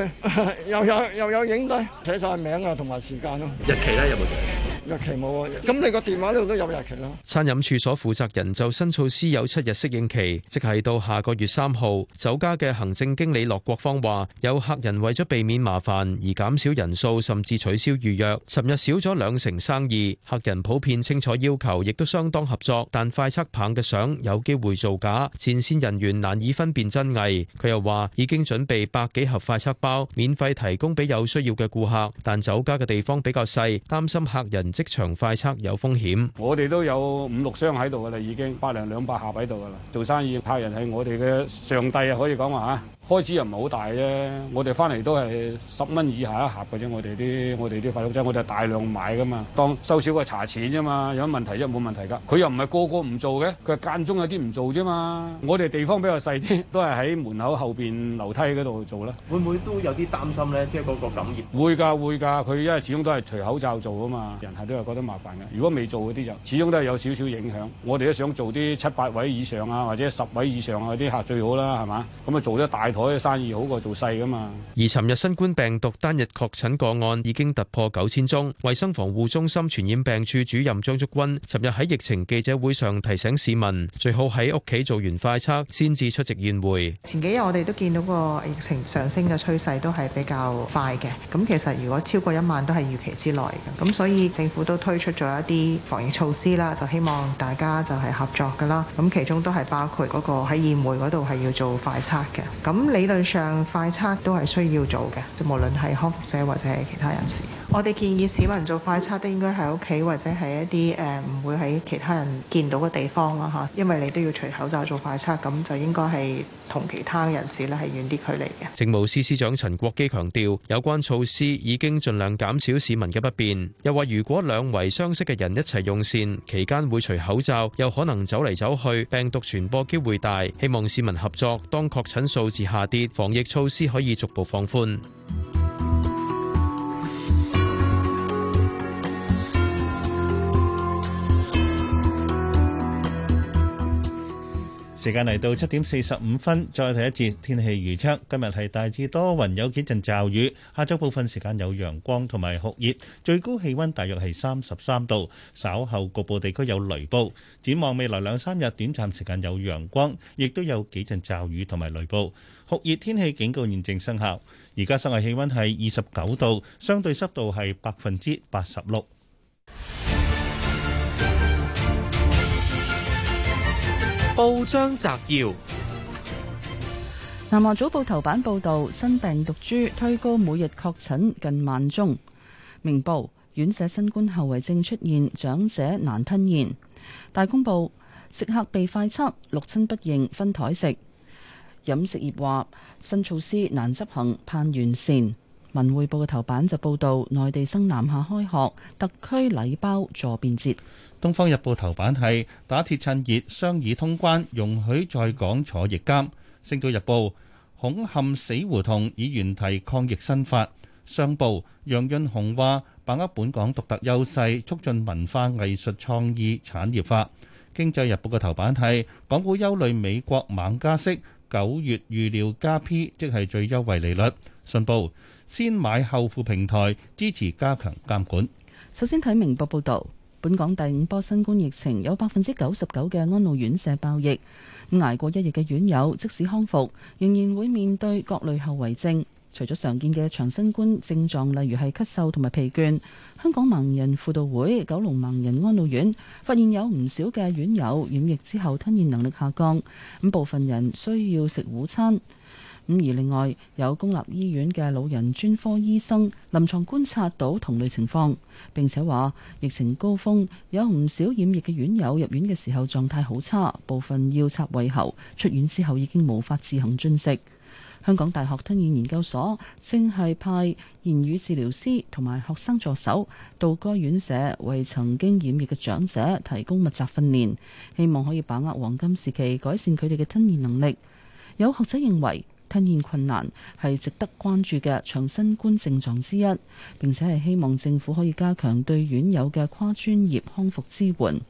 又有又有影低，寫晒名啊同埋時間咯，日期啦，有冇？日期冇喎，咁你個電話度都有日期啦。餐飲處所負責人就新措施有七日適應期，即係到下個月三號。酒家嘅行政經理駱國芳話：有客人為咗避免麻煩而減少人數，甚至取消預約。尋日少咗兩成生意，客人普遍清楚要求，亦都相當合作。但快測棒嘅相有機會造假，前線人員難以分辨真偽。佢又話已經準備百幾盒快測包，免費提供俾有需要嘅顧客。但酒家嘅地方比較細，擔心客人。職場快測有風險，我哋都有五六箱喺度㗎喇，已經百零兩,兩百盒喺度㗎喇，做生意派人係我哋嘅上帝呀，可以講話。開支又唔係好大啫，我哋翻嚟都係十蚊以下一盒嘅啫。我哋啲我哋啲快佬仔，我係大量買噶嘛，當收少個茶錢啫嘛，有乜問題啫？冇問題噶。佢又唔係個個唔做嘅，佢係間中有啲唔做啫嘛。我哋地方比較細啲，都係喺門口後邊樓梯嗰度做啦。會唔會都有啲擔心咧？即係嗰個感染？會噶會噶，佢因為始終都係除口罩做啊嘛，人係都有覺得麻煩噶。如果未做嗰啲就始終都係有少少影響。我哋都想做啲七八位以上啊，或者十位以上嗰，啊，啲客最好啦，係嘛？咁啊做得大。台生意好過做細噶嘛？而尋日新冠病毒單日確診個案已經突破九千宗。衛生防護中心傳染病處主任張竹君尋日喺疫情記者會上提醒市民，最好喺屋企做完快測先至出席宴會，前幾日我哋都見到個疫情上升嘅趨勢都係比較快嘅。咁其實如果超過一萬都係預期之內嘅。咁所以政府都推出咗一啲防疫措施啦，就希望大家就係合作噶啦。咁其中都係包括嗰個喺宴會嗰度係要做快測嘅。咁咁理論上快測都係需要做嘅，就無論係康復者或者係其他人士。我哋建議市民做快測都應該喺屋企或者係一啲誒唔會喺其他人見到嘅地方啦嚇，因為你都要除口罩做快測，咁就應該係同其他人士咧係遠啲距離嘅。政務司司長陳國基強調，有關措施已經盡量減少市民嘅不便。又話如果兩圍相識嘅人一齊用膳，期間會除口罩，又可能走嚟走去，病毒傳播機會大。希望市民合作，當確診數字下跌，防疫措施可以逐步放寬。時間嚟到七點四十五分，再睇一節天氣預測。今日係大致多雲有幾陣驟雨，下晝部分時間有陽光同埋酷熱，最高氣溫大約係三十三度。稍後局部地區有雷暴。展望未來兩三日，短暫時間有陽光，亦都有幾陣驟雨同埋雷暴。酷熱天氣警告現正生效。而家室外氣溫係二十九度，相對濕度係百分之八十六。報章摘要：南華早報頭版報道，新病毒株推高每日確診近萬宗。明報院舍新冠後遺症出現，長者難吞嚥。大公報食客被快測，六親不認分台食。飲食業話新措施難執行，盼完善。文匯報嘅頭版就報道內地生南下開學，特區禮包助便捷。《東方日報》頭版係打鐵趁熱，商議通關容許在港坐疫監；《星島日報》恐陷死胡同，議員提抗疫新法；《商報》楊潤雄話把握本港獨特優勢，促進文化藝術創意產業化。《經濟日報》嘅頭版係港股憂慮美國猛加息，九月預料加 P，即係最優惠利率。《信報》先買後付平台支持加強監管。首先睇明報報導。本港第五波新冠疫情有百分之九十九嘅安老院舍爆疫，挨過一役嘅院友即使康復，仍然會面對各類後遺症。除咗常見嘅長新冠症狀，例如係咳嗽同埋疲倦，香港盲人輔導會、九龍盲人安老院發現有唔少嘅院友染疫之後吞咽能力下降，咁部分人需要食午餐。咁而另外有公立醫院嘅老人專科醫生臨床觀察到同類情況，並且話疫情高峰有唔少染疫嘅院友入院嘅時候狀態好差，部分要插胃喉，出院之後已經無法自行進食。香港大學吞咽研，研究所正係派言語治療師同埋學生助手到該院舍，為曾經染疫嘅長者提供密集訓練，希望可以把握黃金時期改善佢哋嘅吞咽能力。有學者認為，吞咽困難係值得關注嘅長新冠症狀之一，並且係希望政府可以加強對院友嘅跨專業康復支援。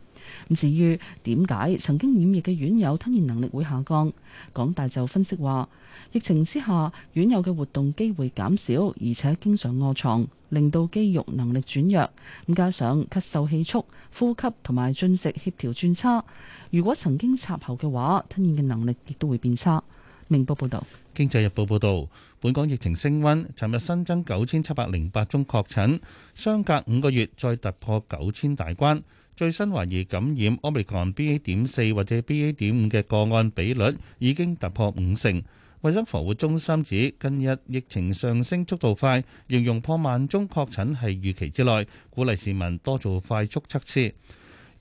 咁至於點解曾經染疫嘅院友吞咽能力會下降，港大就分析話，疫情之下院友嘅活動機會減少，而且經常卧床，令到肌肉能力轉弱。咁加上咳嗽、氣促、呼吸同埋進食協調轉差，如果曾經插喉嘅話，吞咽嘅能力亦都會變差。明報報道。經濟日報報道，本港疫情升溫，尋日新增九千七百零八宗確診，相隔五個月再突破九千大關。最新懷疑感染 Omicron BA 點四或者 BA 點五嘅個案比率已經突破五成。衛生防護中心指，近日疫情上升速度快，形容破萬宗確診係預期之內，鼓勵市民多做快速測試。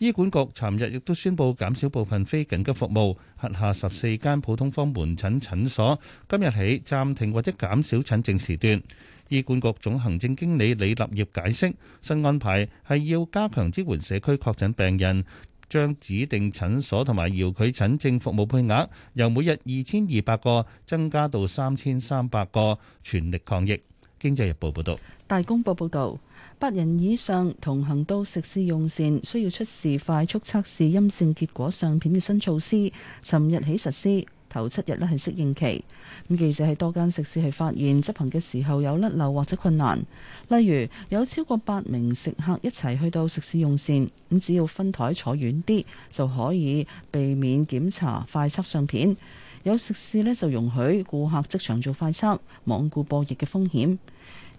醫管局尋日亦都宣佈減少部分非緊急服務，轄下十四間普通科門診診所今日起暫停或者減少診症時段。醫管局總行政經理李立業解釋，新安排係要加強支援社區確診病人，將指定診所同埋遙距診症服務配額由每日二千二百個增加到三千三百個，全力抗疫。經濟日報報道，大公報報道。八人以上同行到食肆用膳，需要出示快速測試陰性結果相片嘅新措施，尋日起實施，頭七日咧係適應期。咁記者喺多間食肆係發現執行嘅時候有甩漏或者困難，例如有超過八名食客一齊去到食肆用膳，咁只要分台坐遠啲就可以避免檢查快測相片。有食肆咧就容許顧客即場做快測，罔顧播疫嘅風險。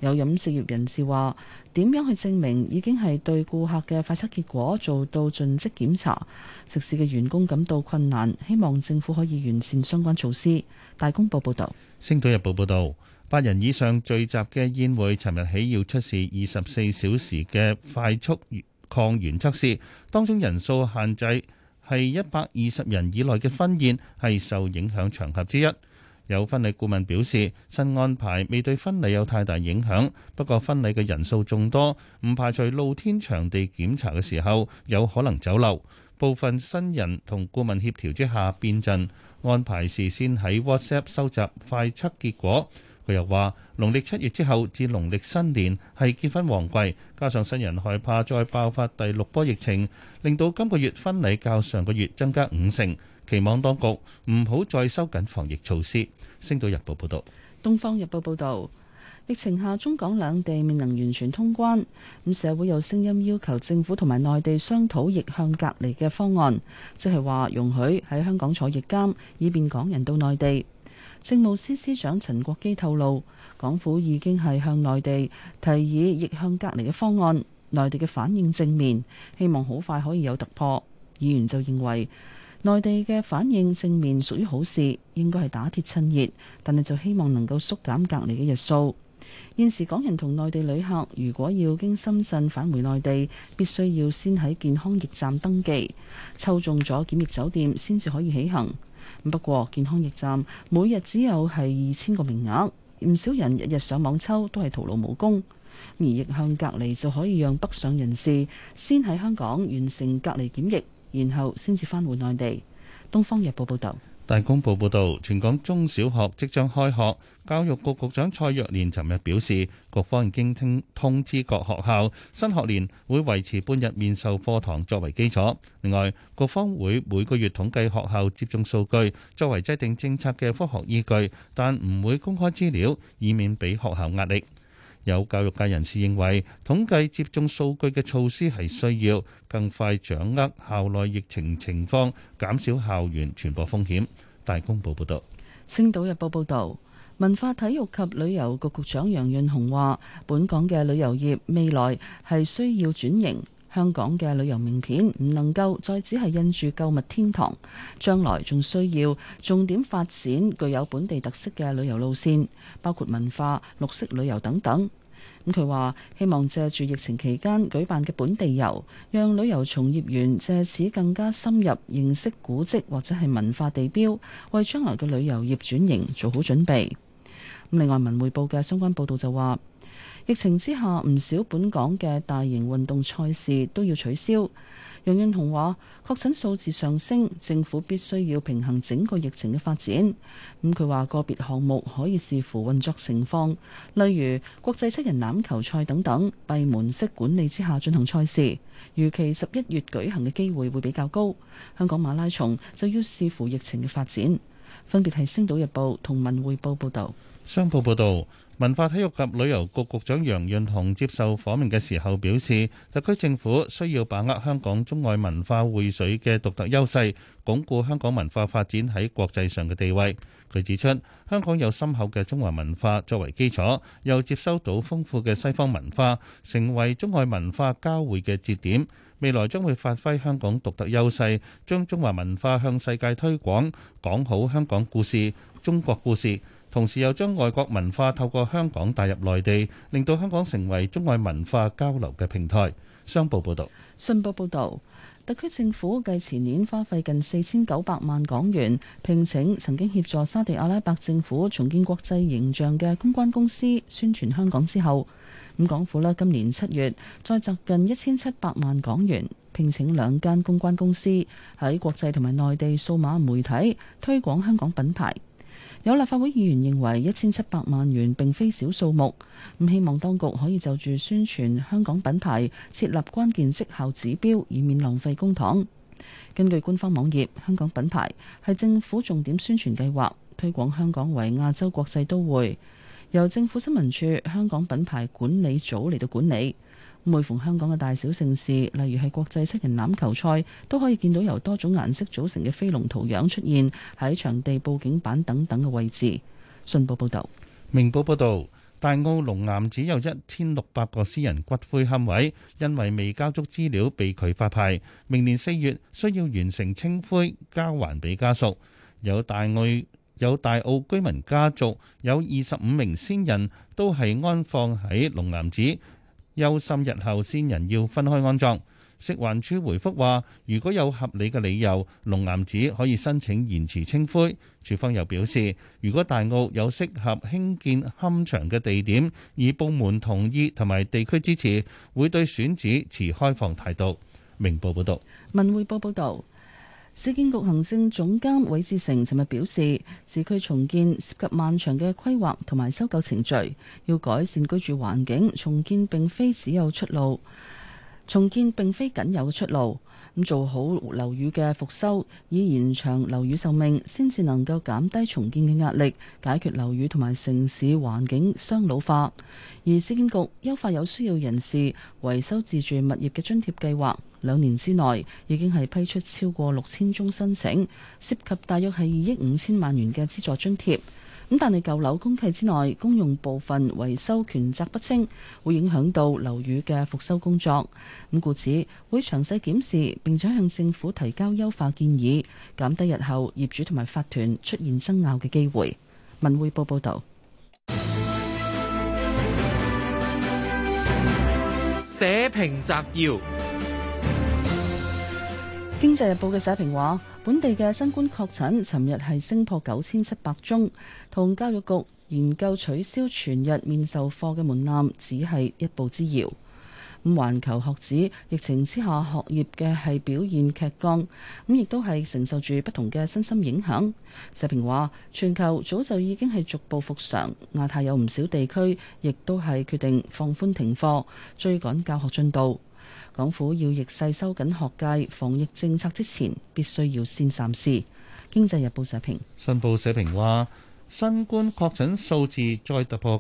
有飲食業人士話：點樣去證明已經係對顧客嘅快測結果做到盡職檢查？食肆嘅員工感到困難，希望政府可以完善相關措施。《大公報》報道：《星島日報》報道，八人以上聚集嘅宴會，尋日起要出示二十四小時嘅快速抗原測試。當中人數限制係一百二十人以內嘅婚宴係受影響場合之一。有婚禮顧問表示，新安排未對婚禮有太大影響，不過婚禮嘅人數眾多，唔排除露天場地檢查嘅時候有可能走漏。部分新人同顧問協調之下變陣，安排事先喺 WhatsApp 收集快測結果。佢又話，農曆七月之後至農曆新年係結婚旺季，加上新人害怕再爆發第六波疫情，令到今個月婚禮較上個月增加五成。期望當局唔好再收緊防疫措施。《星島日報》報道，《東方日報》報道，疫情下中港兩地未能完全通關，咁社會有聲音要求政府同埋內地商討逆向隔離嘅方案，即係話容許喺香港坐疫監，以便港人到內地。政務司司長陳國基透露，港府已經係向內地提議逆向隔離嘅方案，內地嘅反應正面，希望好快可以有突破。議員就認為。內地嘅反應正面屬於好事，應該係打鐵趁熱，但係就希望能夠縮減隔離嘅日數。現時港人同內地旅客如果要經深圳返回內地，必須要先喺健康驛站登記，抽中咗檢疫酒店先至可以起行。不過健康驛站每日只有係二千個名額，唔少人日日上網抽都係徒勞無功。而逆向隔離就可以讓北上人士先喺香港完成隔離檢疫。然後先至返回內地。東方日報報道，大公報報道，全港中小學即將開學。教育局局長蔡若蓮尋日表示，局方已經聽通知各學校新學年會維持半日面授課堂作為基礎。另外，局方會每個月統計學校接種數據，作為制定政策嘅科學依據，但唔會公開資料，以免俾學校壓力。有教育界人士認為，統計接種數據嘅措施係需要更快掌握校內疫情情況，減少校園傳播風險。大公報報道，《星島日報》報道，文化體育及旅遊局局長楊潤雄話，本港嘅旅遊業未來係需要轉型。香港嘅旅遊名片唔能夠再只係印住購物天堂，將來仲需要重點發展具有本地特色嘅旅遊路線，包括文化、綠色旅遊等等。咁佢話希望借住疫情期間舉辦嘅本地遊，讓旅遊從業員借此更加深入認識古蹟或者係文化地標，為將來嘅旅遊業轉型做好準備。咁另外文匯報嘅相關報道就話。疫情之下，唔少本港嘅大型運動賽事都要取消。楊潤雄話確診數字上升，政府必須要平衡整個疫情嘅發展。咁佢話個別項目可以視乎運作情況，例如國際七人欖球賽等等，閉門式管理之下進行賽事，預期十一月舉行嘅機會會比較高。香港馬拉松就要視乎疫情嘅發展。分別係星島日報同《文匯報》報道，商報報道。文化體育及旅遊局局長楊潤雄接受訪問嘅時候表示，特區政府需要把握香港中外文化匯水嘅獨特優勢，鞏固香港文化發展喺國際上嘅地位。佢指出，香港有深厚嘅中華文化作為基礎，又接收到豐富嘅西方文化，成為中外文化交匯嘅節點，未來將會發揮香港獨特優勢，將中華文化向世界推廣，講好香港故事、中國故事。同時又將外國文化透過香港帶入內地，令到香港成為中外文化交流嘅平台。商報報道，信報報道，特區政府繼前年花費近四千九百萬港元聘請曾經協助沙地阿拉伯政府重建國際形象嘅公關公司宣傳香港之後，咁港府呢，今年七月再集近一千七百萬港元聘請兩間公關公司喺國際同埋內地數碼媒體推廣香港品牌。有立法會議員認為一千七百萬元並非小數目，咁希望當局可以就住宣傳香港品牌設立關鍵績效指標，以免浪費公帑。根據官方網頁，香港品牌係政府重點宣傳計劃，推廣香港為亞洲國際都會，由政府新聞處香港品牌管理組嚟到管理。每逢香港嘅大小盛事，例如係國際七人欖球賽，都可以見到由多種顏色組成嘅飛龍圖樣出現喺場地佈景板等等嘅位置。信報報導，明報報導，大澳龍岩寺有一千六百個私人骨灰龕位，因為未交足資料被拒發牌，明年四月需要完成清灰交還俾家屬。有大澳有大澳居民家族有二十五名先人都係安放喺龍岩寺，憂心日後先人要分開安葬，食環署回覆話，如果有合理嘅理由，龍岩寺可以申請延遲清灰。署方又表示，如果大澳有適合興建龕牆嘅地點，以部門同意同埋地區支持，會對選址持開放態度。明報報道，文匯報報道。市建局行政總監韋志成尋日表示，市區重建涉及漫長嘅規劃同埋收購程序，要改善居住環境，重建並非只有出路，重建並非僅有嘅出路。咁做好樓宇嘅復修，以延長樓宇壽命，先至能夠減低重建嘅壓力，解決樓宇同埋城市環境雙老化。而市建局優化有需要人士維修自住物業嘅津貼計劃，兩年之內已經係批出超過六千宗申請，涉及大約係二億五千萬元嘅資助津貼。咁但係舊樓公契之內公用部分維修權責不清，會影響到樓宇嘅復修工作。咁故此，會詳細檢視，並且向政府提交優化建議，減低日後業主同埋法團出現爭拗嘅機會。文匯報報道，社評摘要。經濟日報嘅社評話，本地嘅新冠確診，尋日係升破九千七百宗，同教育局研究取消全日面授課嘅門檻，只係一步之遙。咁環球學子，疫情之下學業嘅係表現劇降，咁亦都係承受住不同嘅身心影響。社評話，全球早就已經係逐步復常，亞太有唔少地區亦都係決定放寬停課，追趕教學進度。港府要逆勢收緊學界防疫政策之前，必須要先三思。經濟日報社評，信報社評話。新冠確診數字再突破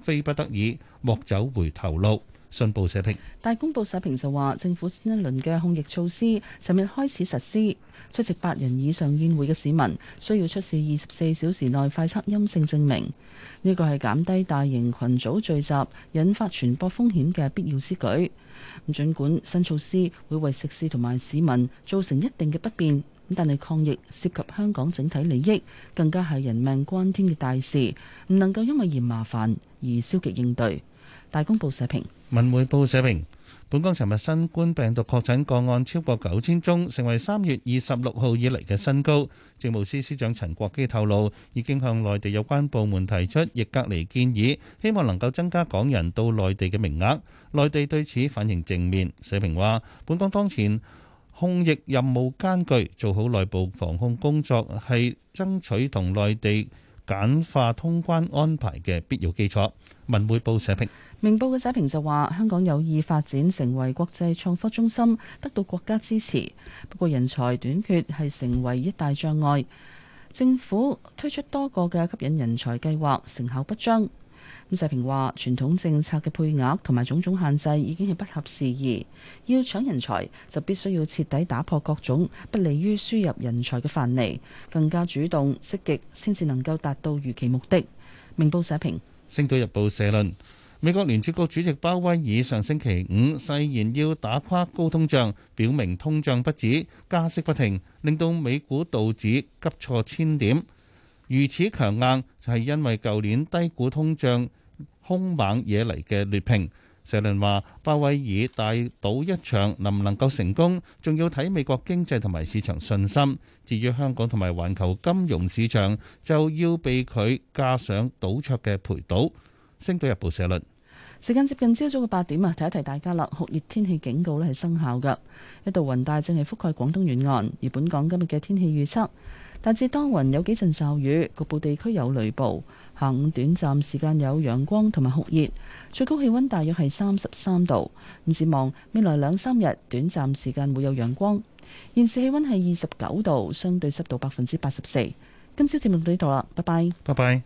非不得已，莫走回頭路。信報社評，大公報社評就話，政府新一輪嘅控疫措施，尋日開始實施，出席八人以上宴會嘅市民需要出示二十四小時內快測陰性證明。呢個係減低大型群組聚集引發傳播風險嘅必要之舉。咁，盡管新措施會為食肆同埋市民造成一定嘅不便。但係抗疫涉及香港整體利益，更加係人命關天嘅大事，唔能夠因為嫌麻煩而消極應對。大公報社評，文匯報社評，本港尋日新冠病毒確診個案超過九千宗，成為三月二十六號以嚟嘅新高。政務司司長陳國基透露，已經向內地有關部門提出逆隔離建議，希望能夠增加港人到內地嘅名額。內地對此反應正面。社評話，本港當前控疫任務艱巨，做好內部防控工作係爭取同內地簡化通關安排嘅必要基礎。文匯報社評。明報嘅社評就話：香港有意發展成為國際創科中心，得到國家支持，不過人才短缺係成為一大障礙。政府推出多個嘅吸引人才計劃，成效不彰。咁社評話傳統政策嘅配額同埋種種限制已經係不合時宜，要搶人才就必須要徹底打破各種不利於輸入人才嘅範圍，更加主動積極，先至能夠達到預期目的。明報社評，星島日報社論：美國聯儲局主席鮑威爾上星期五誓言要打垮高通脹，表明通脹不止，加息不停，令到美股道指急挫千點。如此強硬就係因為舊年低估通脹。凶猛惹嚟嘅劣評，社論話：鮑威爾大賭一場，能唔能夠成功，仲要睇美國經濟同埋市場信心。至於香港同埋環球金融市場，就要被佢加上賭桌嘅賠賭。星島日報社論。時間接近朝早嘅八點啊，提一提大家啦，酷熱天氣警告咧係生效嘅，一度雲帶正係覆蓋廣東沿岸。而本港今日嘅天氣預測大致多雲，有幾陣驟雨，局部地區有雷暴。下午短暫時間有陽光同埋酷熱，最高氣温大約係三十三度。展望未來兩三日，短暫時間會有陽光。現時氣温係二十九度，相對濕度百分之八十四。今朝節目到呢度啦，拜拜。拜拜。